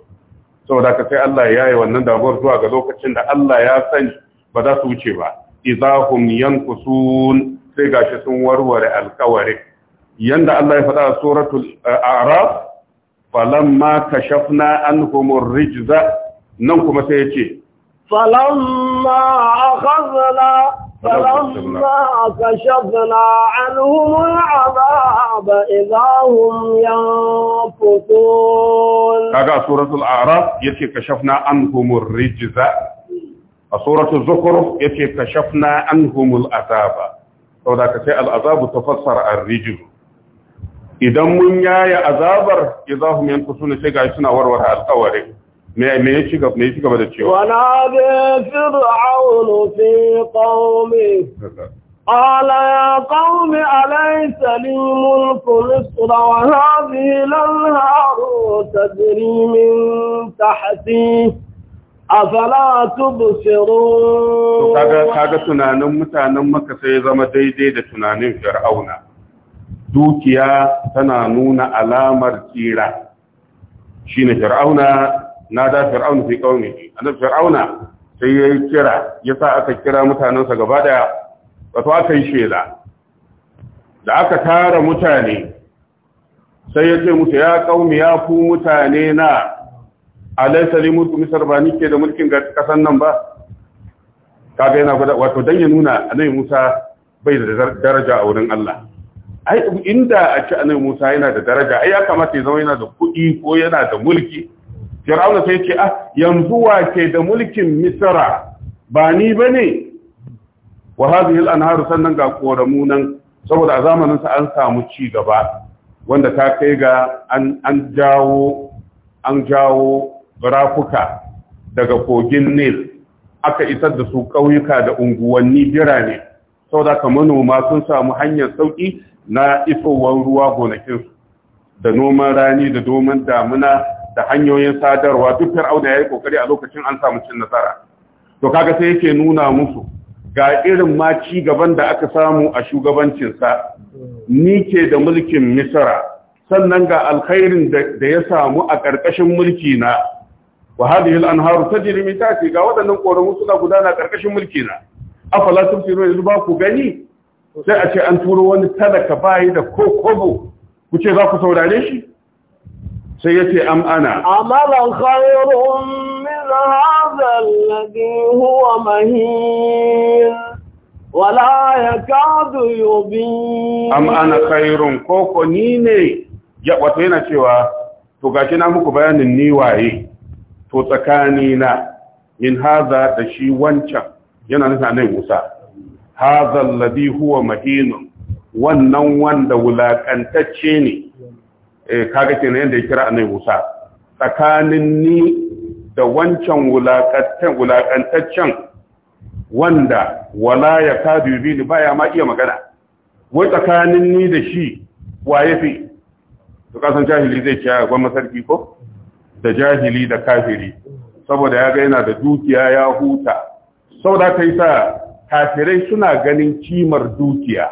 saboda ka sai Allah ya yayi wannan damuwar zuwa ga lokacin da Allah ya sani ba za su wuce ba idahum yankusun sai gashi sun warware alkawari yanda Allah ya faɗa a suratul eh, a'raf falamma kashafna anhumur rijza nan kuma sai ya ce falamma akhazna falamma kashafna anhumul azab idahum yanfutun kaga suratul a'raf yace kashafna anhumur rijza a suratul zukhruf yace kashafna anhumul azab saboda kace al azab tafassara ar rijzu idan mun yaya azabar idahum yankusuna sai ga suna warware alƙawarin me ya ci gaba da cewa wana da fir'aunu fi qaumi ala ya qaumi alaysa li mulku misr wa hadhihi al-anharu tajri min tahti afala tubsirun kaga kaga tunanin mutanen maka sai zama daidai da tunanin fir'auna dukiya tana nuna alamar tsira shine fir'auna da fir'auna fi A nan fir'auna sai ya kira yasa aka kira mutanansa gaba daya wato aka yi shela da aka tara mutane sai ya ce musu ya qaumi ya ku mutane na alaysa li misar misr ba nike da mulkin kasan nan ba kaga yana wato dan ya nuna annabi Musa bai da daraja a wurin Allah ai inda a ci annabi Musa yana da daraja ai ya kamata ya zama yana da kuɗi ko yana da mulki Fir'auna sai ce ah yanzu wa ke da mulkin Misra ba ni bane wa hadhihi al-anhar sannan ga koramu nan saboda a zamanin sa an samu ci gaba wanda ta kai ga an an jawo an jawo rafuka daga kogin Nil aka isar da su ƙauyuka da unguwanni birane saboda ka manoma sun samu hanyar sauki na isowar ruwa gonakinsu da noman rani da domin damuna da hanyoyin sadarwa duk fir'auna ya yi kokari a lokacin an samu cin nasara to kaga sai yake nuna musu ga irin ma ci gaban da aka samu a shugabancinsa ni ke da mulkin misra sannan ga alkhairin da ya samu a ƙarƙashin mulki na wa hadhihi al-anharu tajri min tahti ga waɗannan ƙoramu suna gudana ƙarƙashin mulki na afala tumsirun yanzu ba ku gani sai a ce an turo wani talaka bayi da ko kobo ku ce za ku saurare shi sai ya ce am ana amalan khairun min hadha alladhi huwa mahin wala yakadu yubin am ana khairun koko ni ne ya wato yana cewa to gashi na muku bayanin ni waye to tsakanina na haza da shi wancan yana nufin annabi Musa هذا الذي هو مهين wannan wanda wulakantacce ne eh kaga kenan yanda ya kira annabi Musa tsakanin ni da wancan wulakantaccen wanda wala ya kadu bi ni baya ma iya magana wai tsakanin ni da shi waye fi to kasan jahili zai ciya ga masarki ko da jahili da kafiri saboda ya ga yana da dukiya ya huta saboda kai sa kafirai suna ganin kimar dukiya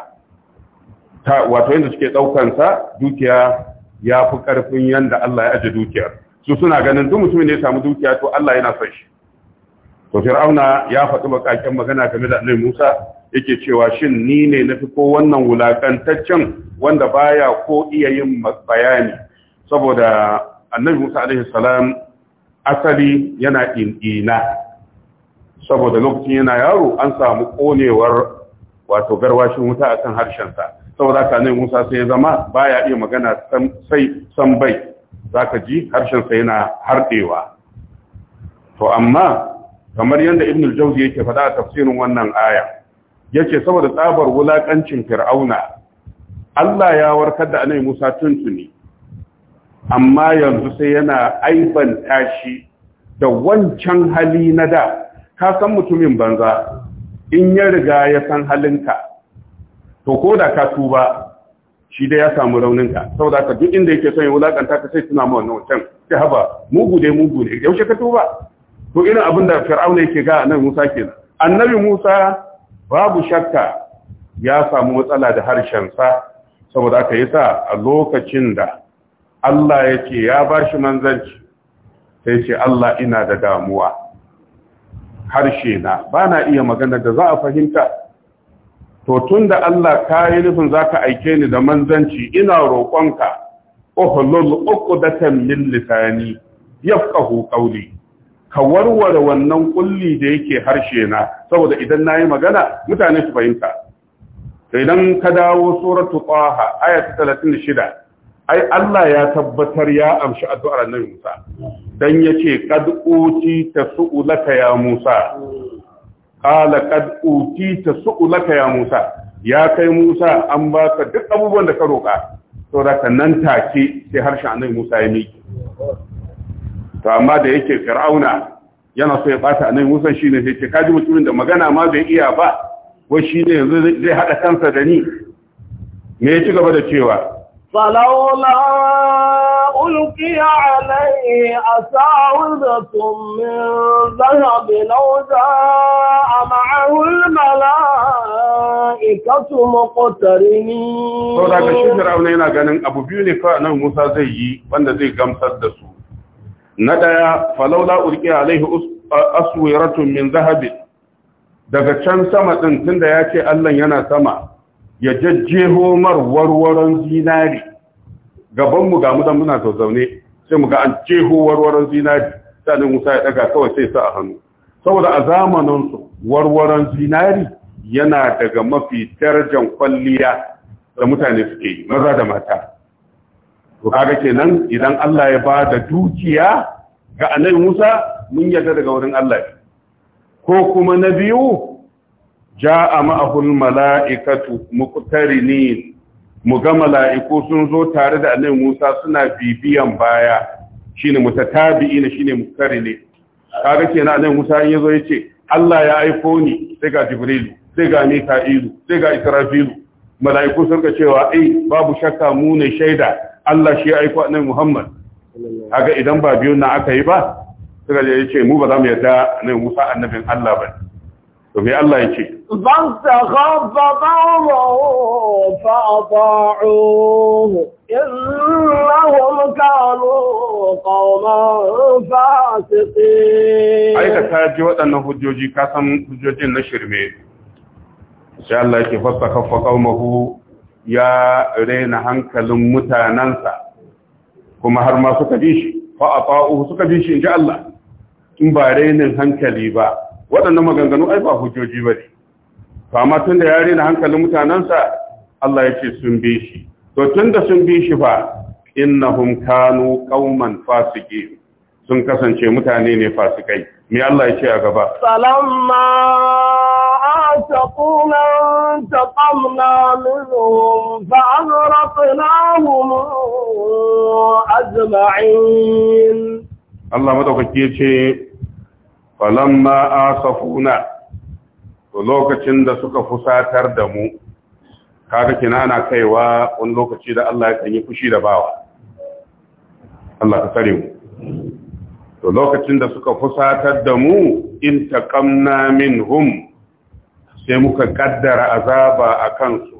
wato yadda suke daukan sa dukiya fi karfin yanda Allah ya aje dukiyar su suna ganin duk mutumin da ya samu dukiya to Allah yana son shi to fir'auna ya faɗi bakakken magana game da annabi Musa yake cewa shin ni ne na fi ko wannan wulakantaccen wanda baya ko iya yin bayani saboda annabi Musa alaihi salam asali yana in'ina saboda lokacin yana yaro an samu konewar wato garwashin wuta a kan harshensa saboda haka ne musa sai ya zama baya iya magana sai san bai zaka ji harshen sa yana harɗewa. to amma kamar yadda ibn al-jawzi yake faɗa a tafsirin wannan aya yace saboda tsabar wulakancin fir'auna Allah ya warkar da annabi Musa tuntuni amma yanzu sai yana aibanta shi da wancan hali na da ka san mutumin banza in ya riga ya san halinka to ko da ka tuba shi da ya samu rauninka saboda ka duk inda yake son ya wulakanta ka sai suna ma wannan wancan sai haba mugu dai mugu ne yaushe ka tuba to irin abin da fir'auna yake ga nan Musa kenan annabi Musa babu shakka ya samu matsala da harshen sa saboda aka yi sa a lokacin da Allah ya ce ya ba shi manzanci sai ce Allah ina da damuwa harshe na ba na iya magana da za a fahimta to tun da Allah ka yi nufin za ka aike ni da manzanci ina roƙonka uhulul uqdatan min lisani yafqahu qawli ka warware wannan kulli da yake harshe na saboda idan na yi magana mutane su fahimta to idan ka dawo suratu talatin da 36 ai Allah ya tabbatar ya amshi addu'ar annabi Musa dan yace qad uti tasulaka ya Musa qala qad uti tasulaka ya Musa ya kai Musa an baka duk abubuwan da ka roka saboda nan take sai harshen annabi Musa ya miki to amma da yake Fir'auna yana so ya bata annabi Musa shine sai ce kaji mutumin da magana ma bai iya ba wai shine yanzu zai hada kansa da ni me ya ci gaba da cewa فلولا ألقي عليه أساوذة من ذهب لو جاء معه الملائكة مقترنين سو daga shi Fir'auna yana ganin abu biyu ne fa Musa zai yi wanda zai gamsar da su na ɗaya falaula ulqi alaihi aswiratun min dhahab daga can sama ɗin, tunda yace Allah yana sama ya jajjeho mar warwaron zinari Gaban mu ga mu dan muna zau-zaune sai mu ga an jeho warwaron zinari sanin musa ya daga kawai sai sa a hannu saboda a zamanin su warwaron zinari yana daga mafi tarjan kwalliya da mutane suke yi maza da mata to kaga kenan idan Allah ya ba da dukiya ga annabi Musa mun yarda daga wurin Allah ko kuma na biyu ja'a ma'ahul mala'ikatu muqtarinin mu ga mala'iku sun zo tare da annabi Musa suna bibiyan baya shine mutatabi'ina shine muqtarine kaga kenan annabi Musa in yazo yace Allah ya aiko ni sai ga Jibrilu sai ga Mika'ilu sai ga Israfilu mala'iku sun ga cewa ai babu shakka mu ne shaida Allah shi ya aiko annabi Muhammad kaga idan ba biyun nan aka yi ba suka je yace mu ba za mu yarda annabi Musa annabin Allah ne. to me Allah ya ce ban ta ba wa fa illa wa makalu qauman fasiqi ai ka ta ji waɗannan hujjoji ka san hujjojin na shirme insha Allah ya ce fa khaffa qawmuhu ya rena hankalin mutanansa kuma har ma suka bi shi fa ata'uhu suka bi shi insha Allah in ba renin hankali ba waɗannan maganganu ai ba hujjoji ba ne to amma tun da ya hankalin mutanensa Allah ya ce sun bi shi to tun da sun bi shi fa innahum kanu qauman fasiqin sun kasance mutane ne fasikai me Allah ya ce a gaba salamma atquna taqamna minhum fa aghraqnahum ajma'in Allah madaukaki ya ce falamma asafuna to lokacin da suka fusatar da mu kaga kina ana kaiwa wani lokaci da Allah ya kanyi fushi da bawa Allah ka tsare mu to lokacin da suka fusatar da mu in taqamna minhum sai muka kaddara azaba a kansu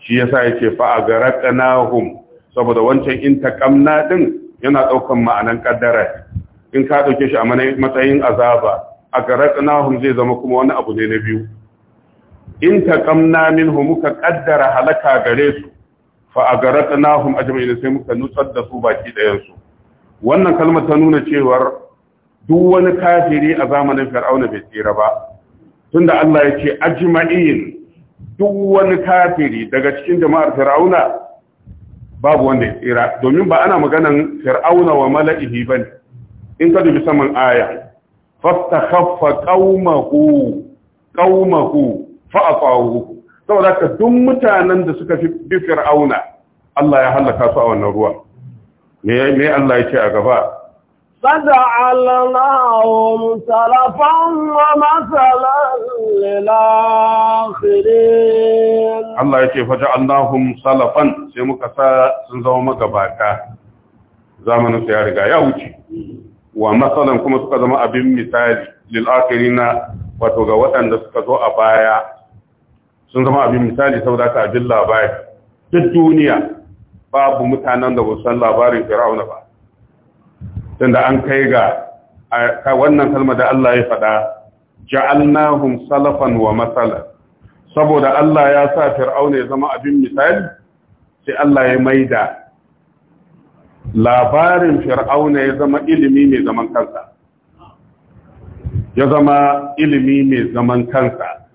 shi yasa yake fa agarqnahum saboda wancan in taqamna din yana daukan ma'anan kaddara in ka ɗauke shi a matsayin azaba a garaƙinahun zai zama kuma wani abu ne na biyu in ta ƙamna minhu muka ƙaddara halaka gare su fa a garaƙinahun ajiyar sai muka nutsar da su baki ɗayansu wannan kalmar ta nuna cewar duk wani kafiri a zamanin fir'auna bai tsira ba tunda Allah ya ce ajma'in duk wani kafiri daga cikin jama'ar fir'auna babu wanda ya tsira domin ba ana maganar fir'auna wa mala'ihi bane in ka dubi saman aya fasta haffa kaumahu kaumahu fa'afahu saboda ka dun mutanen da suka fi bi fir'auna Allah ya hallaka su a wannan ruwa me me Allah yake a gaba sada alana salafan wa masalan lil akhirin Allah yake fa ja salafan sai muka sa sun zama magabata zamanin su ya riga ya wuce wa masalan kuma suka zama abin misali lil na wato ga waɗanda suka zo a baya sun zama abin misali saboda ka abin labari duk duniya babu mutanen da san labarin fir'auna ba tunda an kai ga wannan kalma da Allah ya faɗa ja'alnahum salafan wa matsala. saboda Allah ya sa fir'auna ya zama abin misali sai Allah ya maida labarin fir'auna ya zama ilimi mai zaman kansa ya zama ilimi mai zaman kansa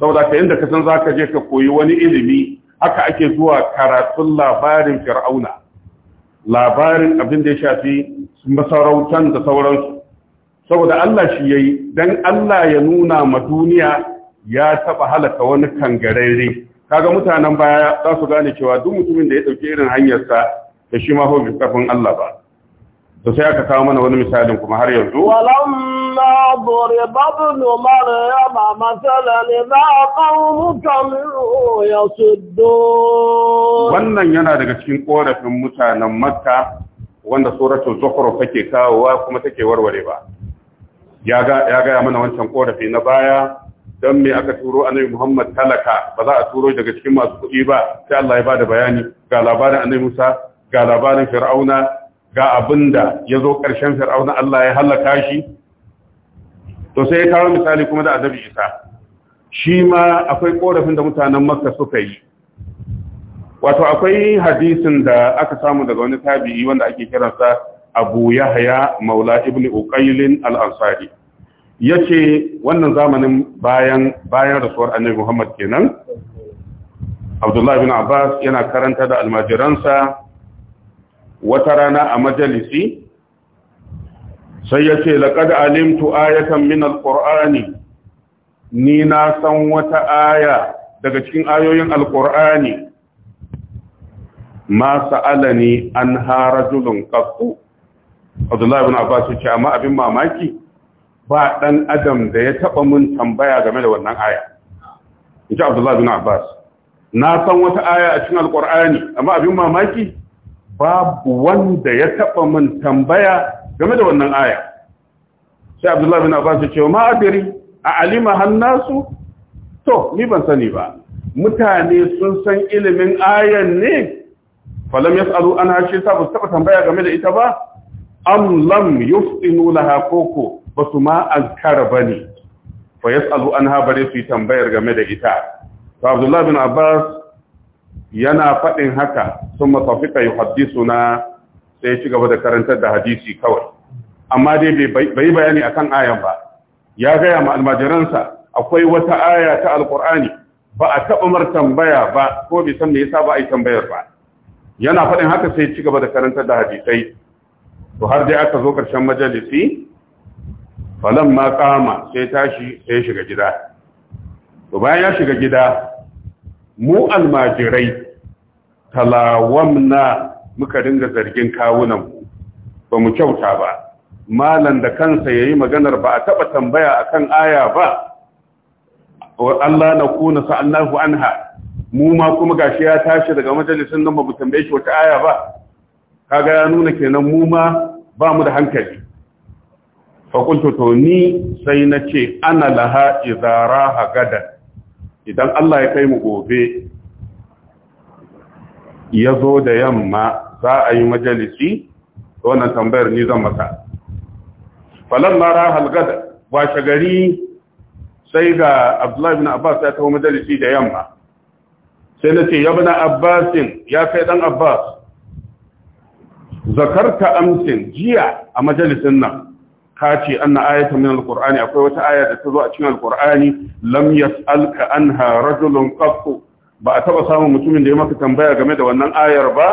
saboda ka inda ka san zaka je ka koyi wani ilimi haka ake zuwa karatun labarin fir'auna labarin abin da ya shafi masarautan da sauransu saboda Allah shi yayi dan Allah ya nuna ma duniya ya taba halaka wani kangarere kaga mutanen baya za su gane cewa duk mutumin da ya dauke irin hanyar sa da shi ma ho bi kafin Allah ba to sai aka kawo mana wani misalin kuma har yanzu walamma duriba ibn maryama masalan wannan yana daga cikin korafin mutanen makka wanda suratul zukhruf take kawowa kuma take warware ba ya ga ya ga mana wancan korafi na baya dan me aka turo annabi Muhammad talaka ba za a turo daga cikin masu kuɗi ba sai Allah ya bada bayani ga labarin annabi Musa ga labarin fir'auna ga abinda ya zo ƙarshen fir'auna Allah ya halaka shi to sai ya kawo misali kuma da adabi isa shi ma akwai korafin da mutanen makka suka yi wato akwai hadisin da aka samu daga wani tabi'i wanda ake kiransa abu yahya maula ibn uqailin al-ansari yace wannan zamanin bayan bayan rasuwar annabi muhammad kenan abdullahi bin abbas yana karanta da almajiransa wata rana a majalisi sai ya ce laƙad alimtu ayatan min alƙur'ani ni na san wata aya daga cikin ayoyin alƙur'ani ma sa'alani an harajulun ƙafu abdullahi bin abbas ce amma abin mamaki ba ɗan adam da ya taɓa mun tambaya game da wannan aya in ji abdullahi bin abbas na san wata aya a cikin alƙur'ani amma abin mamaki babu wanda ya taɓa min tambaya game da wannan aya sai abdullahi bin abbas ya ce ma adiri a alima hannasu to ni ban sani ba mutane sun san ilimin ayan ne falam yas'alu an ha sa ba taba tambaya game da ita ba am lam yuftinu laha koko basu ma azkar bane fa yas'alu an ha bare su tambayar game da ita fa abdullahi bin abbas yana faɗin haka sun matafika yi hadisu na sai ci gaba da karantar da hadisi kawai amma dai bai bayani akan ayan ba ya gaya ma almajiransa akwai wata aya ta alkur'ani ba a taɓa mar tambaya ba ko bai san me yasa ba a yi tambayar ba yana faɗin haka sai ci gaba da karantar da hadisai to har dai aka zo karshen majalisi falan ma kama sai tashi sai shiga gida to bayan ya shiga gida mu almajirai talawamna muka dinga zargin kawunan ba mu kyauta ba malan da kansa yayi maganar ba a taba tambaya akan aya ba Allah na kuna sa'allahu anha mu ma kuma gashi ya tashi daga majalisin nan ba mu tambaye shi wata aya ba kaga ya nuna kenan mu ma ba mu da hankali fa kuntu to ni sai nace ana laha idara hagada idan Allah ya kai mu gobe ya zo da yamma za a yi majalisi wannan tambayar ni zan masa falon mara halgada washe gari sai ga abdullahi bin abbas ya kawo majalisi da yamma sai na ce yabna abbasin ya kai dan abbas zakarta amsin jiya a majalisin nan ka ce anna ayatan min alqur'ani akwai wata aya da ta zo a cikin alqur'ani lam yas'alka anha rajulun qattu ba a taba samun mutumin da ya maka tambaya game da wannan ayar ba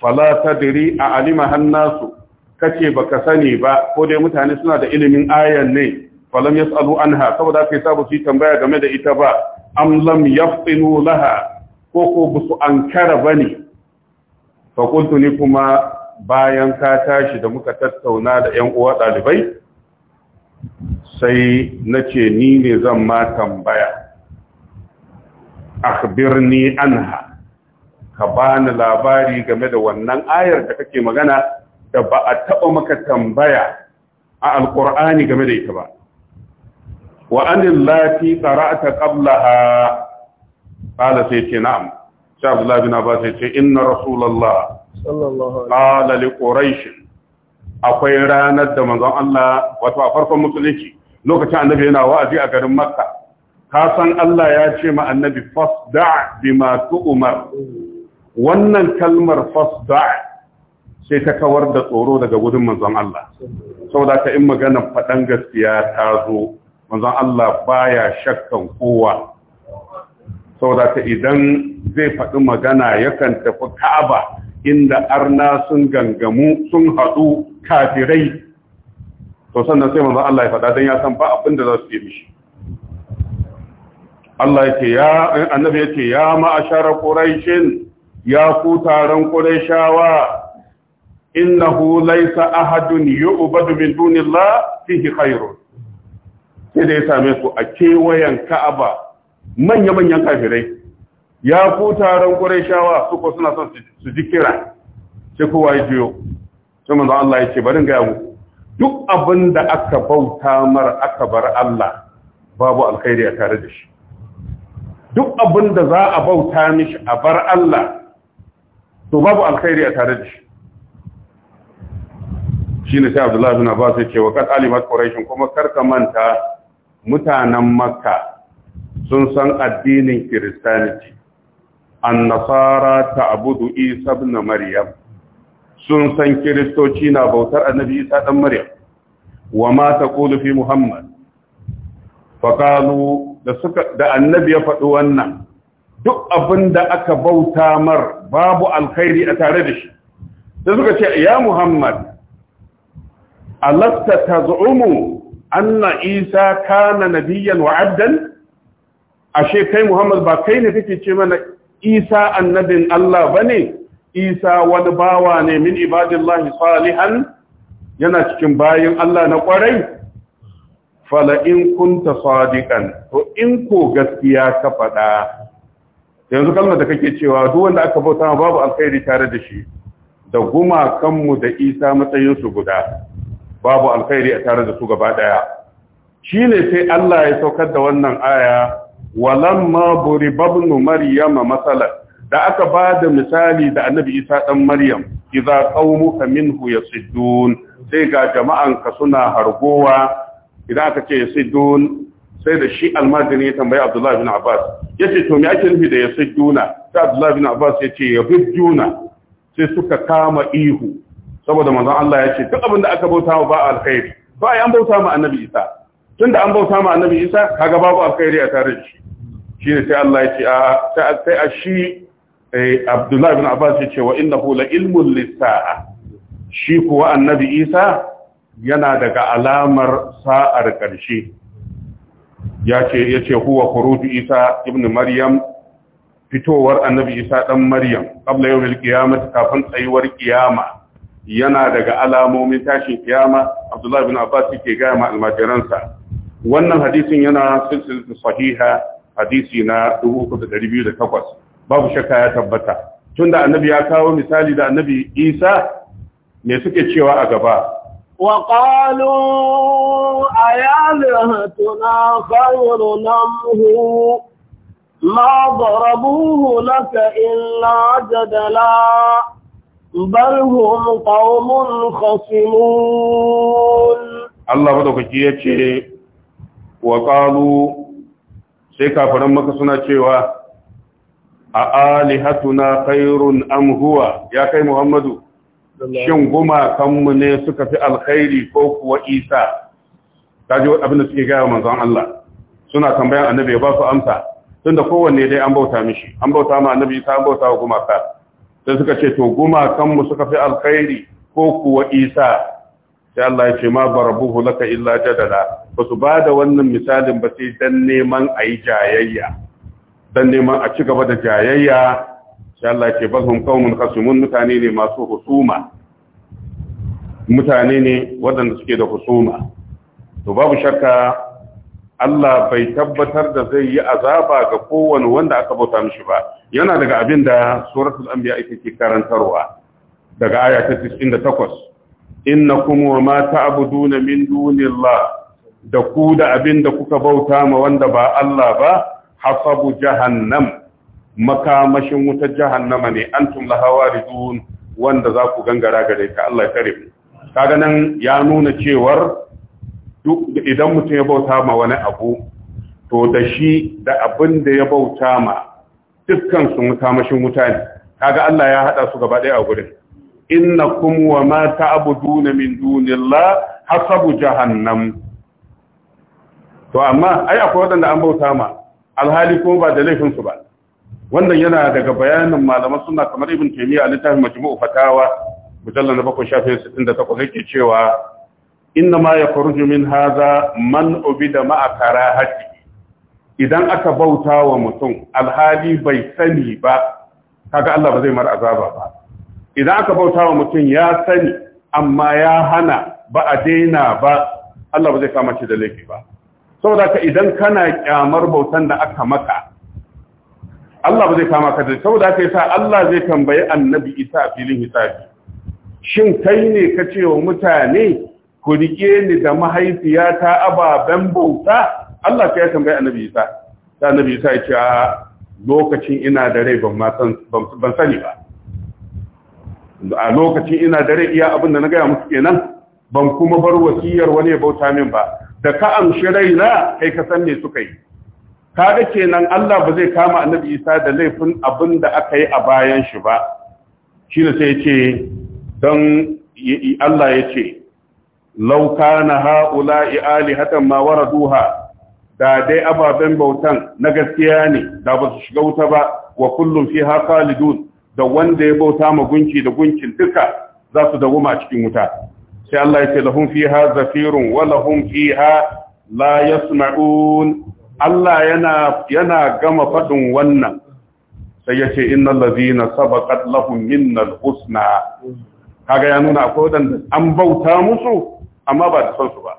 fala tadri a alima hannasu kace baka sani ba ko dai mutane suna da ilimin ayar ne falam yasalu anha saboda kai sabu su tambaya game da ita ba am lam yaftinu laha ko ko busu ankara bane fa qultu ni kuma bayan ka tashi da muka tattauna da 'yan uwa dalibai sai nace ni ne zan ma tambaya akhbirni anha ka bani labari game da wannan ayar da kake magana da ba a taɓa maka tambaya a alƙur'ani game da ita ba wa anil lati qara'ta qablaha qala sai ce na'am sai Abdullahi bin Abbas sai ce inna rasulullah sallallahu alaihi qala li quraish akwai ranar da manzon Allah wato a farkon musulunci lokacin annabi yana wa'azi a garin Makka ka san Allah ya ce ma annabi fasda bima tu'mar wannan kalmar fasda sai ta kawar da tsoro daga gudun manzon Allah saboda ka in magana faɗan gaskiya ta zo manzon Allah baya shakkan kowa saboda ka idan zai faɗi magana yakan tafi Ka'aba inda arna sun gangamu sun haɗu kafirai to sannan sai manzon Allah ya faɗa dan ya san ba abin da za su yi mishi Allah yake ya annabi yake ya ma'ashara quraishin ya ku taron quraishawa innahu laysa ahadun yu'badu min dunillah fihi khairun sai da ya same su a kewayen Ka'aba manya-manyan kafirai ya ku taron quraishawa su ko suna son su ji sai kowa ya jiyo sai manzo Allah yake bari ga mu duk abinda aka bauta mar aka bar Allah babu alkhairi a tare da shi duk abin da za a bauta mishi a bar Allah to babu alkhairi a tare da shi shi ne sai abdullahi bin abbas ya ce wa kad alimat quraish kuma karka manta mutanen makka sun san addinin kiristaniti ta, ta'budu isa ibn maryam sun san kiristoci na bautar annabi isa dan maryam wa ma taqulu fi muhammad faqalu da suka da annabi ya faɗi wannan duk abin da aka bauta mar babu alkhairi a tare da shi sai suka ce ya muhammad alasta taz'umu anna isa kana nabiyyan wa'addan ashe kai muhammad ba kai ne kake ce mana isa annabin allah bane isa wani bawa ne min ibadillahi salihan yana cikin bayin allah na kwarai fala in kunta sadiqan to in ko gaskiya ka faɗa yanzu kalmar da kake cewa duk wanda aka bauta ma babu alkhairi tare da shi da guma kanmu da isa matsayinsu guda babu alkhairi a tare da su gaba daya shi ne sai Allah ya saukar da wannan aya Walam ma buri buribabnu maryama masalan da aka ba da misali da annabi isa dan maryam idza qaumuka minhu yasiddun sai ga jama'an ka suna hargowa idan aka ce ya sai da shi almajiri ya tambayi abdullahi bin abbas ya ce to me ake nufi da ya sai abdullahi bin abbas ya ce ya yabidduna sai suka kama ihu saboda manzon Allah ya ce duk abin da aka bauta ba alkhairi ba ai an bauta ma annabi isa tunda an bauta ma annabi isa kaga babu alkhairi a tare da shi shine sai Allah ya ce a sai a shi eh, abdullahi bin abbas ya ce wa innahu la ilmun lisaa shi kuwa annabi isa yana daga alamar sa'ar ƙarshe ya ce ya ce huwa kurutu isa ibn maryam fitowar annabi isa ɗan maryam ƙabla yau mil kafin tsayuwar ƙiyama yana daga alamomin tashin ƙiyama abdullahi bin abbas ke gaya ma almajiransa wannan hadisin yana silsilin sahiha hadisi na 3,208 babu shakka ya tabbata tunda annabi ya kawo misali da annabi isa me suke cewa a gaba وقالوا أيالهتنا خير نمه ما ضربوه لك إلا جدلا بل هم قوم خصمون الله مدوكي يتي وقالوا سيكا kafiran maka suna أآلهتنا خير أم هو يا كي محمدو shin gumakanmu ne suka fi alkhairi ko kuwa isa kaji abin da suke gaya manzon Allah suna tambayan annabi ya ba su amsa tunda kowanne dai an bauta mishi an bauta ma annabi ta an bauta wa gumaka sai suka ce to gumakanmu suka fi alkhairi ko kuwa isa sai Allah ya ce ma barabuhu laka illa jadala ba su ba da wannan misalin ba sai dan neman a yi jayayya dan neman a ci gaba da jayayya sai Allah ya ce ba sun kaumun khasimun mutane ne masu husuma mutane ne waɗanda suke da husuma to babu shakka Allah bai tabbatar da zai yi azaba ga kowane wanda aka bauta mishi ba yana daga abin da suratul anbiya ake ke karantarwa daga aya ta 98 innakum wa ma ta'buduna min dunillah da ku da abin da kuka bauta ma wanda ba Allah ba hasabu jahannam makamashin wutar jahannama ne antum laha waridun wanda za ku gangara gare ka Allah ya kare mu kaga nan ya nuna cewar duk idan mutum ya bauta ma wani abu to da shi da abin da ya bauta ma dukkan su mutamashin wuta ne kaga Allah ya hada su gaba ɗaya a gurin innakum wa ma ta'buduna min dunillah hasabu jahannam to amma ai akwai wadanda an bauta ma alhali ko ba da laifin su ba wannan yana daga bayanin malaman suna kamar ibn taymiyyah a littafin majmu'u fatawa mujalla na bakwai shafe sittin da takwas yake cewa inna ma ya faruju min haza man obi ubida ma'a karahati idan aka bauta wa mutum alhali bai sani ba kaga Allah ba zai mar azaba ba idan aka bauta wa mutum ya sani amma ya hana ba a daina ba Allah ba zai kama shi da laifi ba saboda ka idan kana kyamar bautan da aka maka Allah ba zai kama ka da saboda ka yasa Allah zai tambayi annabi Isa a filin hisabi shin kai ne ka ce wa mutane ku rike ni da mahaifiyata ababen bauta Allah ta ya tambayi annabi Isa ta annabi Isa ya ce lokacin ina da rai ban ban sani ba a lokacin ina da rai iya abin da na gaya musu kenan ban kuma bar wasiyar wani ya bauta min ba da ka amshi raina kai ka san me suka yi kaga kenan Allah ba zai kama annabi Isa da laifin abin da aka yi a bayan shi ba shi ne sai ya ce don Allah ya ce lauka na ha'ula iyali hatan ma duha, da dai ababen bautan na gaskiya ne da ba su shiga wuta ba wa kullum fi haka lidun da wanda ya bauta ma gunki da gunkin duka za su dawoma a cikin wuta sai Allah ya ce lahum fiha zafirun wa lahum fiha la Allah yana gama faɗin wannan sai ya ce innal ladhina sabaqat lahum minnal husna kaga ya nuna akwai waɗanda an bauta musu amma ba da son su ba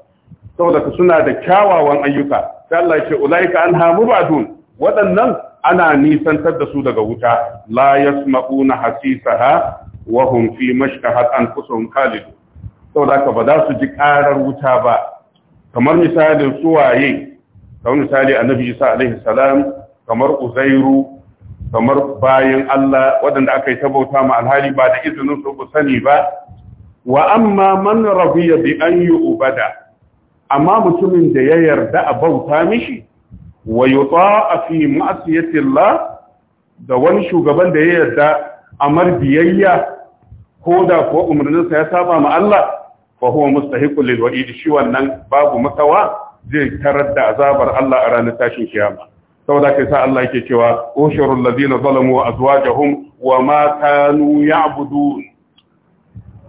saboda suna da kyawawan ayyuka sai Allah yake ulaika an hamu badun waɗannan ana nisantar da su daga wuta la yasma'una hasisaha wa hum fi mashkahat anfusuhum kalidu. saboda ka ba za su ji karar wuta ba kamar misalin suwaye kamar misali annabi Isa alaihi salam kamar Uzairu kamar bayan Allah waɗanda aka yi tabauta ma alhali ba da izinin su sani ba wa amma man rabiya bi an yi ubada amma mutumin da ya yarda a bauta mishi wa yuta'a fi ma'siyati Allah da wani shugaban da ya yarda amar biyayya ko da ko umarninsa ya saba ma Allah fa huwa mustahiqul lil wa'id shi wannan babu makawa zai tarar da azabar Allah a ranar tashin kiyama saboda kai sa Allah yake cewa ushurul ladina zalamu wa azwajuhum wa ma kanu ya'budun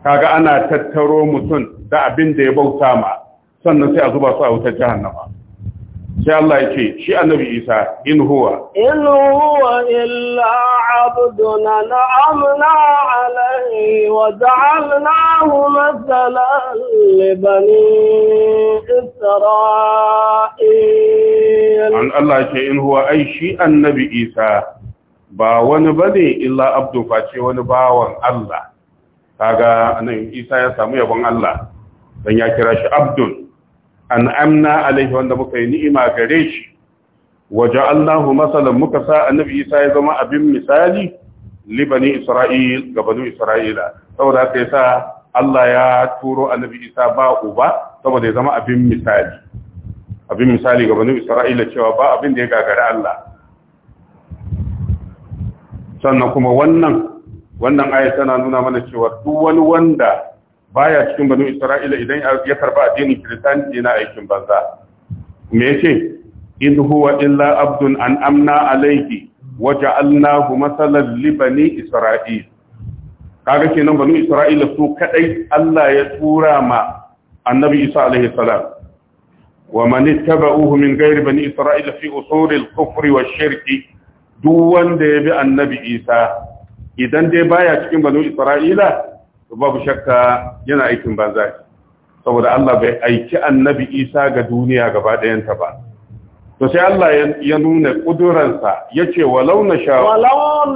kaga ana tattaro mutum da abin da ya bauta ma sannan sai a zuba su a wutar jahannama sai Allah yake shi annabi Isa in huwa in huwa illa abdun an'amna alayhi wa ja'alnahu masalan li bani isra'il an Allah ce in huwa ai shi annabi isa ba wani bane illa abdu face wani bawan Allah kaga nan isa ya samu yabon Allah dan ya kira shi abdun an amna alaihi wanda muka yi ni'ima gare shi Allahu masalan muka sa annabi isa ya zama abin misali li bani isra'il ga bani isra'ila saboda haka yasa Allah ya turo annabi isa ba uba saboda ya zama abin misali abin misali ga banu isra'ila cewa ba abin da ya gagari Allah sannan kuma wannan wannan aya tana nuna mana cewa duk wani wanda baya cikin banu isra'ila idan ya karba addinin kiristanci yana aikin banza me yace in huwa illa abdun an amna alayhi waja'alnahu masalan li bani isra'il kaga kenan banu isra'ila su kadai Allah ya tura ma annabi Isa alaihi salam ومن اتبعوه من غير بني إسرائيل في أصول الكفر والشرك دوان دي بالنبي إيسى إذن دي بايا تكين بني إسرائيل babu shakka yana aikin banza saboda Allah bai aiki annabi Isa ga duniya gaba ɗayanta ba to Allah ya nuna ƙuduransa yace ce walau na sha walau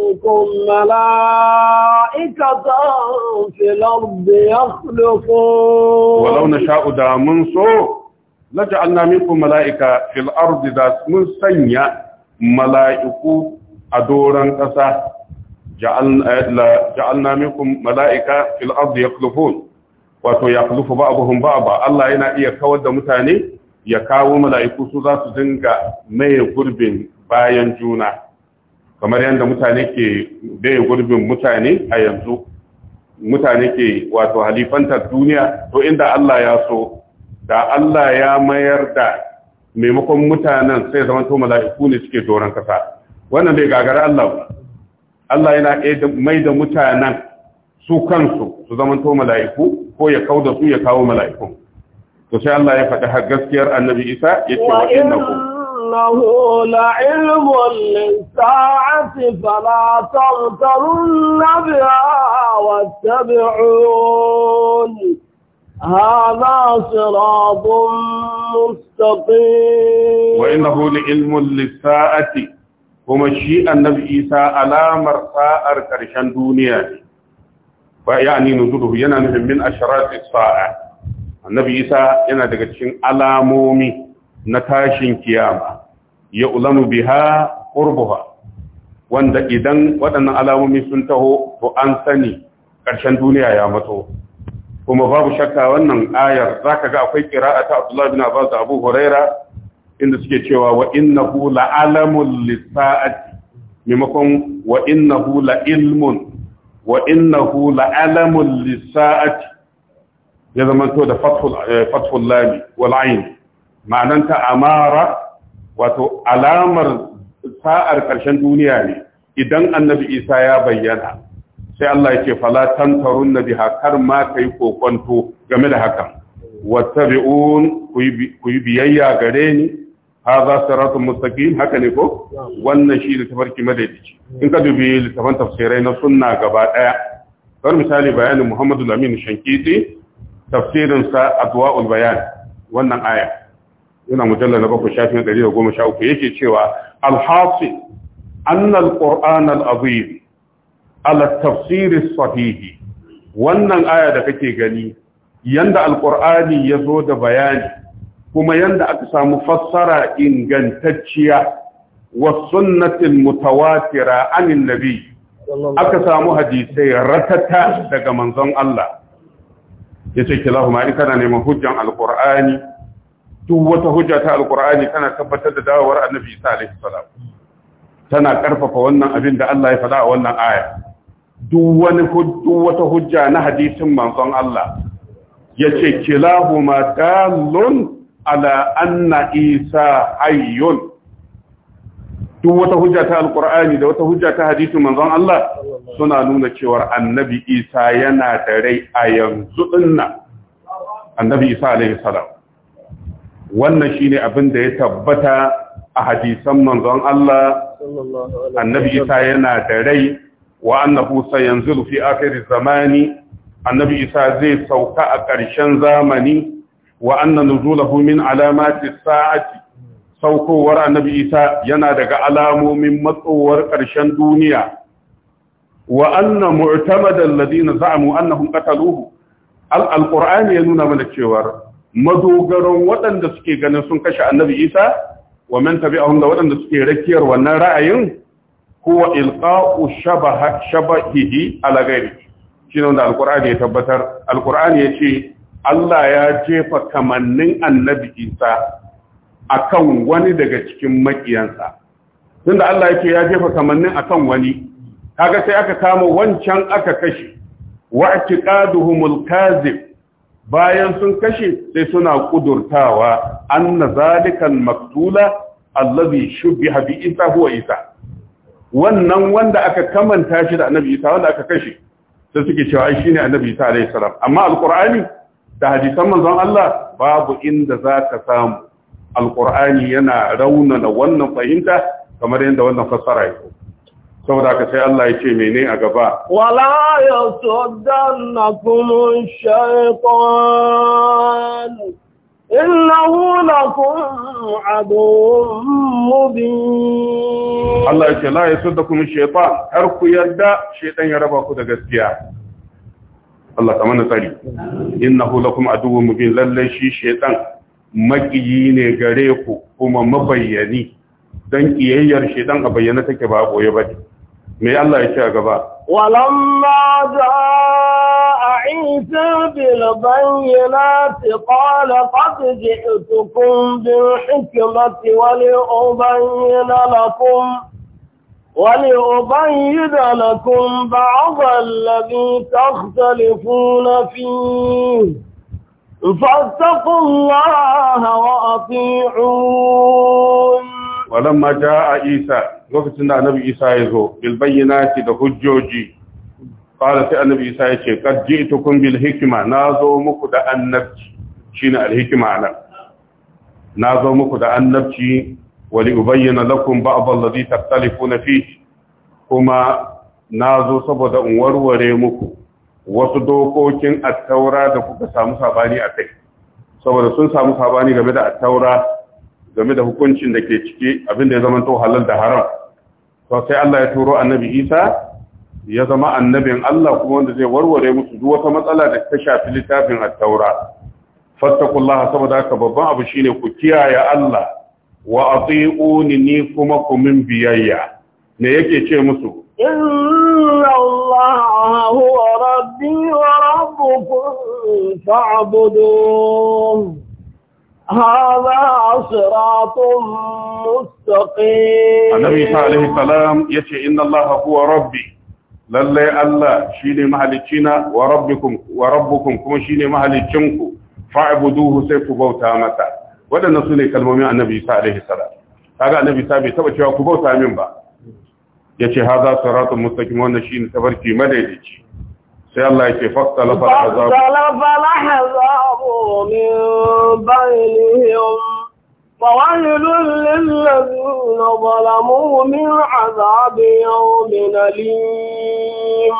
منكم ملائكة في الأرض يخلقون ولو نشاء دا منصو لجعلنا منكم ملائكة في الأرض دا من سنيا ملائكة أدورا قصة جعلنا, جعلنا منكم ملائكة في الأرض يخلقون wato ya kulufu ba abuhun ba ba Allah yana iya kawar da mutane ya kawo mala'iku su za su dinga maye gurbin bayan juna kamar yadda mutane ke bai gurbin mutane a yanzu mutane ke wato halifantar duniya to inda Allah ya so da Allah ya mayar da maimakon mutanen sai zama to mala'iku ne suke doron kasa wannan bai gagara Allah ba Allah yana mai da mutanen su kansu su zama to mala'iku ko ya kauda su ya kawo mala'iku to sai Allah ya faɗi har gaskiyar annabi Isa ya ce wa innakum انه لعلم للساعة فلا تغترن بها واتبعون هذا صراط مستقيم وانه لعلم للساعة كما شيء النبي عيسى على مرساء ارشان دنيا ويعني نزوله ينا من اشراط الساعة النبي عيسى ينا دقشن على مومي na tashin kiyama ya ulamu biha qurbuha wanda idan waɗannan alamomi sun taho to an sani ƙarshen duniya ya mato kuma babu shakka wannan ayar zaka ga akwai qira'a ta Abdullah bin Abbas Abu Huraira inda suke cewa wa innahu la'alamul lisa'ati mimakon wa innahu ilmun. wa innahu la'alamul lisa'ati ya zama to da fathul eh, fathul wal ma'ananta amara wato alamar sa'ar ƙarshen duniya ne idan annabi isa ya bayyana sai Allah yake fala tantarun nabi hakar ma kai kokonto game da hakan wattabi'un ku yi biyayya gare ni hadha siratun mustaqim haka ne ko wannan shi da tafarki madaidaici in ka dubi littafan tafsirai na sunna gaba ɗaya kar misali bayanin Muhammadu Lamin Shankiti tafsirinsa sa Adwa'ul Bayan wannan aya yana mujalla na bakwai shafin ɗari da goma sha uku yake cewa Alhafi annal ƙor'an al'azim ala tafsiri sahihi wannan aya da kake gani yanda alƙur'ani ya zo da bayani kuma yanda aka samu fassara ingantacciya wa sunnatin mutawatira anin nabi aka samu hadisai ratata daga manzon Allah yace kilahu ma kana neman hujjan alqur'ani duk wata hujja ta alkur'ani tana tabbatar da dawowar annabi isa alaihi salam tana karfafa wannan abin da Allah ya faɗa a wannan aya duk wani duk wata hujja na hadisin manzon Allah yace kilahuma dalun ala anna isa hayyun duk wata hujja ta alkur'ani da wata hujja ta hadisin manzon Allah suna nuna cewa annabi isa yana da rai a yanzu dinnan annabi isa alaihi salam wannan shine abin da ya tabbata a hadisan manzon Allah annabi Isa yana da rai wa annahu sayanzilu fi akhir zamani annabi Isa zai sauka a ƙarshen zamani wa anna nuzulahu min alamati sa'ati saukowar annabi Isa yana daga alamomin matsowar ƙarshen duniya wa anna mu'tamadal ladina za'amu annahum qataluhu al-qur'ani ya nuna mana cewa madogaron waɗanda suke ganin sun kashe annabi isa wa man tabi'ahum da waɗanda suke rakiyar wannan ra'ayin huwa ilqa'u shabaha shabahihi ala ghairi shine wanda alqur'ani ya tabbatar alqur'ani yace Allah ya jefa kamannin annabi isa akan wani daga cikin makiyansa tunda Allah yake ya jefa kamannin akan wani kaga sai aka kama wancan aka kashe wa'tiqaduhumul kazib bayan sun kashe sai suna kudurtawa anna zalikan maktula allazi shubbiha bi isa huwa isa wannan wanda aka kamanta shi da annabi isa wanda aka kashe sai suke cewa ai ne annabi isa alayhi salam amma alqur'ani da hadisan manzon Allah babu inda za ka samu alqur'ani yana raunana wannan fahimta kamar yadda wannan fassara yake saboda ka sai Allah ya ce mene a gaba wala shaikon shaytan innahu kuma aduwwun mubi. Allah ya ce la yasuddakum shaikon har ku yarda shaytan ya raba ku da gaskiya Allah ta mana tsari hula kuma aduwwun mubi, lallai shi shaytan makiyi ne gare ku kuma mabayyani don kiyayyar shaytan a bayyana take ba goye ba me Allah ya ce a gaba walamma jaa isa bil bayyinati qala qad ji'tukum bil hikmati wa li ubayyana lakum ولأبين لكم بعض الذي تختلفون فيه فاتقوا الله وأطيعون Walan walamma a isa lokacin da annabi isa ya zo bil ki da hujjoji qala sai annabi isa ya ce qad ji'tukum bil Na zo muku da annabci shine al hikma nan zo muku da annabci wa li ubayyana lakum ba'd alladhi takhtalifuna fi. kuma zo saboda in warware muku wasu dokokin attaura da kuka samu sabani akai saboda sun samu sabani game da attaura game da hukuncin da ke ciki abin da ya zama to halal da haram to sai Allah ya turo annabi Isa ya zama annabin Allah kuma wanda zai warware musu duk wata matsala da ta shafi littafin at-taura fattaqullaha saboda haka babban abu shine ku kiyaye Allah wa ati'uni ni kuma ku min biyayya me yake ce musu inna Allah huwa rabbi wa rabbukum fa'budun هذا صراط مستقيم النبي صلى الله عليه وسلم يشي إن الله هو ربي للي الله شيني مهلكينا وربكم وربكم كما شيني مهلكينكم فاعبدوه سيكو بوتا متى ودنا سوني كلمه النبي صلى الله عليه وسلم kaga annabi ta bai taba cewa ku bauta min ba yace haza siratul mustaqim wannan shine tabarki madaidaici sai Allah yake fakta lafa azabu lafa azabu min bainihim فويل للذين ظلموا من عذاب يوم أليم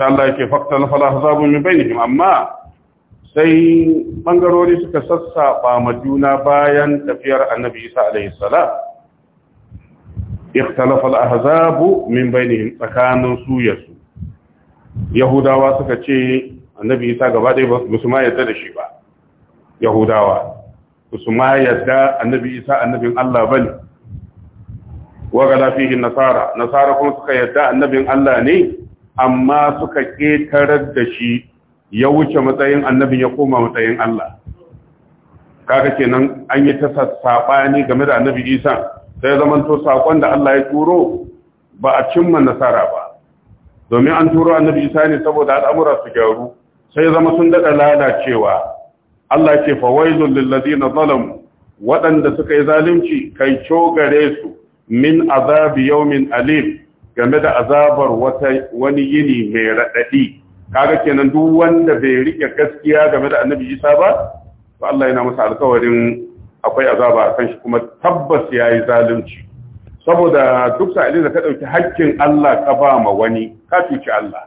الله yake faktal falahzabu min bainihim amma sai bangarori suka sassaɓa ma juna bayan tafiyar annabi Isa alaihi salam ikhtalafa al min tsakanin suyasu. yahudawa suka ce annabi isa gaba ɗaya ba su ma yadda da shi ba yahudawa ba su ma yadda annabi isa annabin allah ba ne wagala fihin nasara nasara kuma suka yadda annabin allah ne amma suka ƙetarar da shi ya wuce matsayin annabin ya koma matsayin allah kaga kenan an yi ta saɓani game da annabi isa sai zamanto saƙon da allah ya turo ba a cimma nasara ba domin an turo annabi isa ne saboda al'amura su gyaru sai zama sun daɗa lalacewa Allah ce fawailun lillazina zalamu waɗanda suka yi zalunci kai gare su min azabi yawmin alim game da azabar wata wani yini mai raɗaɗi kaga kenan duk wanda bai rike gaskiya game da annabi isa ba to Allah yana masa alƙawarin akwai azaba a kan shi kuma tabbas yayi zalunci saboda duk sa'ilin da ka ɗauki hakkin Allah ka ba ma wani ka cuci Allah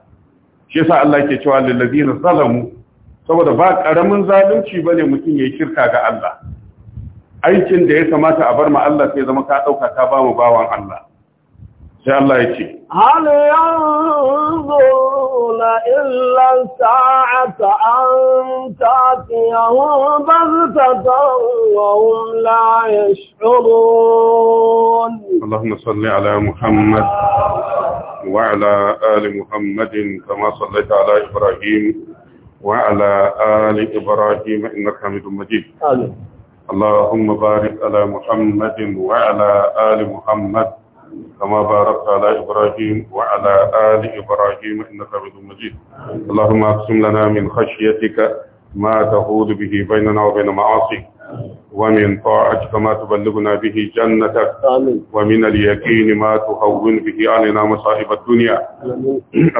shi yasa Allah yake cewa lillazina zalamu saboda ba karamin zalunci bane mutum yayi shirka ga Allah aikin da ya kamata a bar ma Allah sai zama ka dauka ka ba mu bawan Allah هل ينظرون إلا الساعة أن تأتيهم بغتة وهم لا يشعرون اللهم صل على محمد وعلى آل محمد كما صليت على إبراهيم وعلى آل إبراهيم إنك حميد مجيد اللهم بارك على محمد وعلى آل محمد كما باركت على إبراهيم وعلى آل إبراهيم إنك حميد مجيد اللهم اقسم لنا من خشيتك ما تقول به بيننا وبين معاصيك ومن طاعتك ما تبلغنا به جنتك ومن اليقين ما تهون به علينا مصائب الدنيا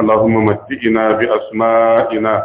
اللهم متئنا بأسمائنا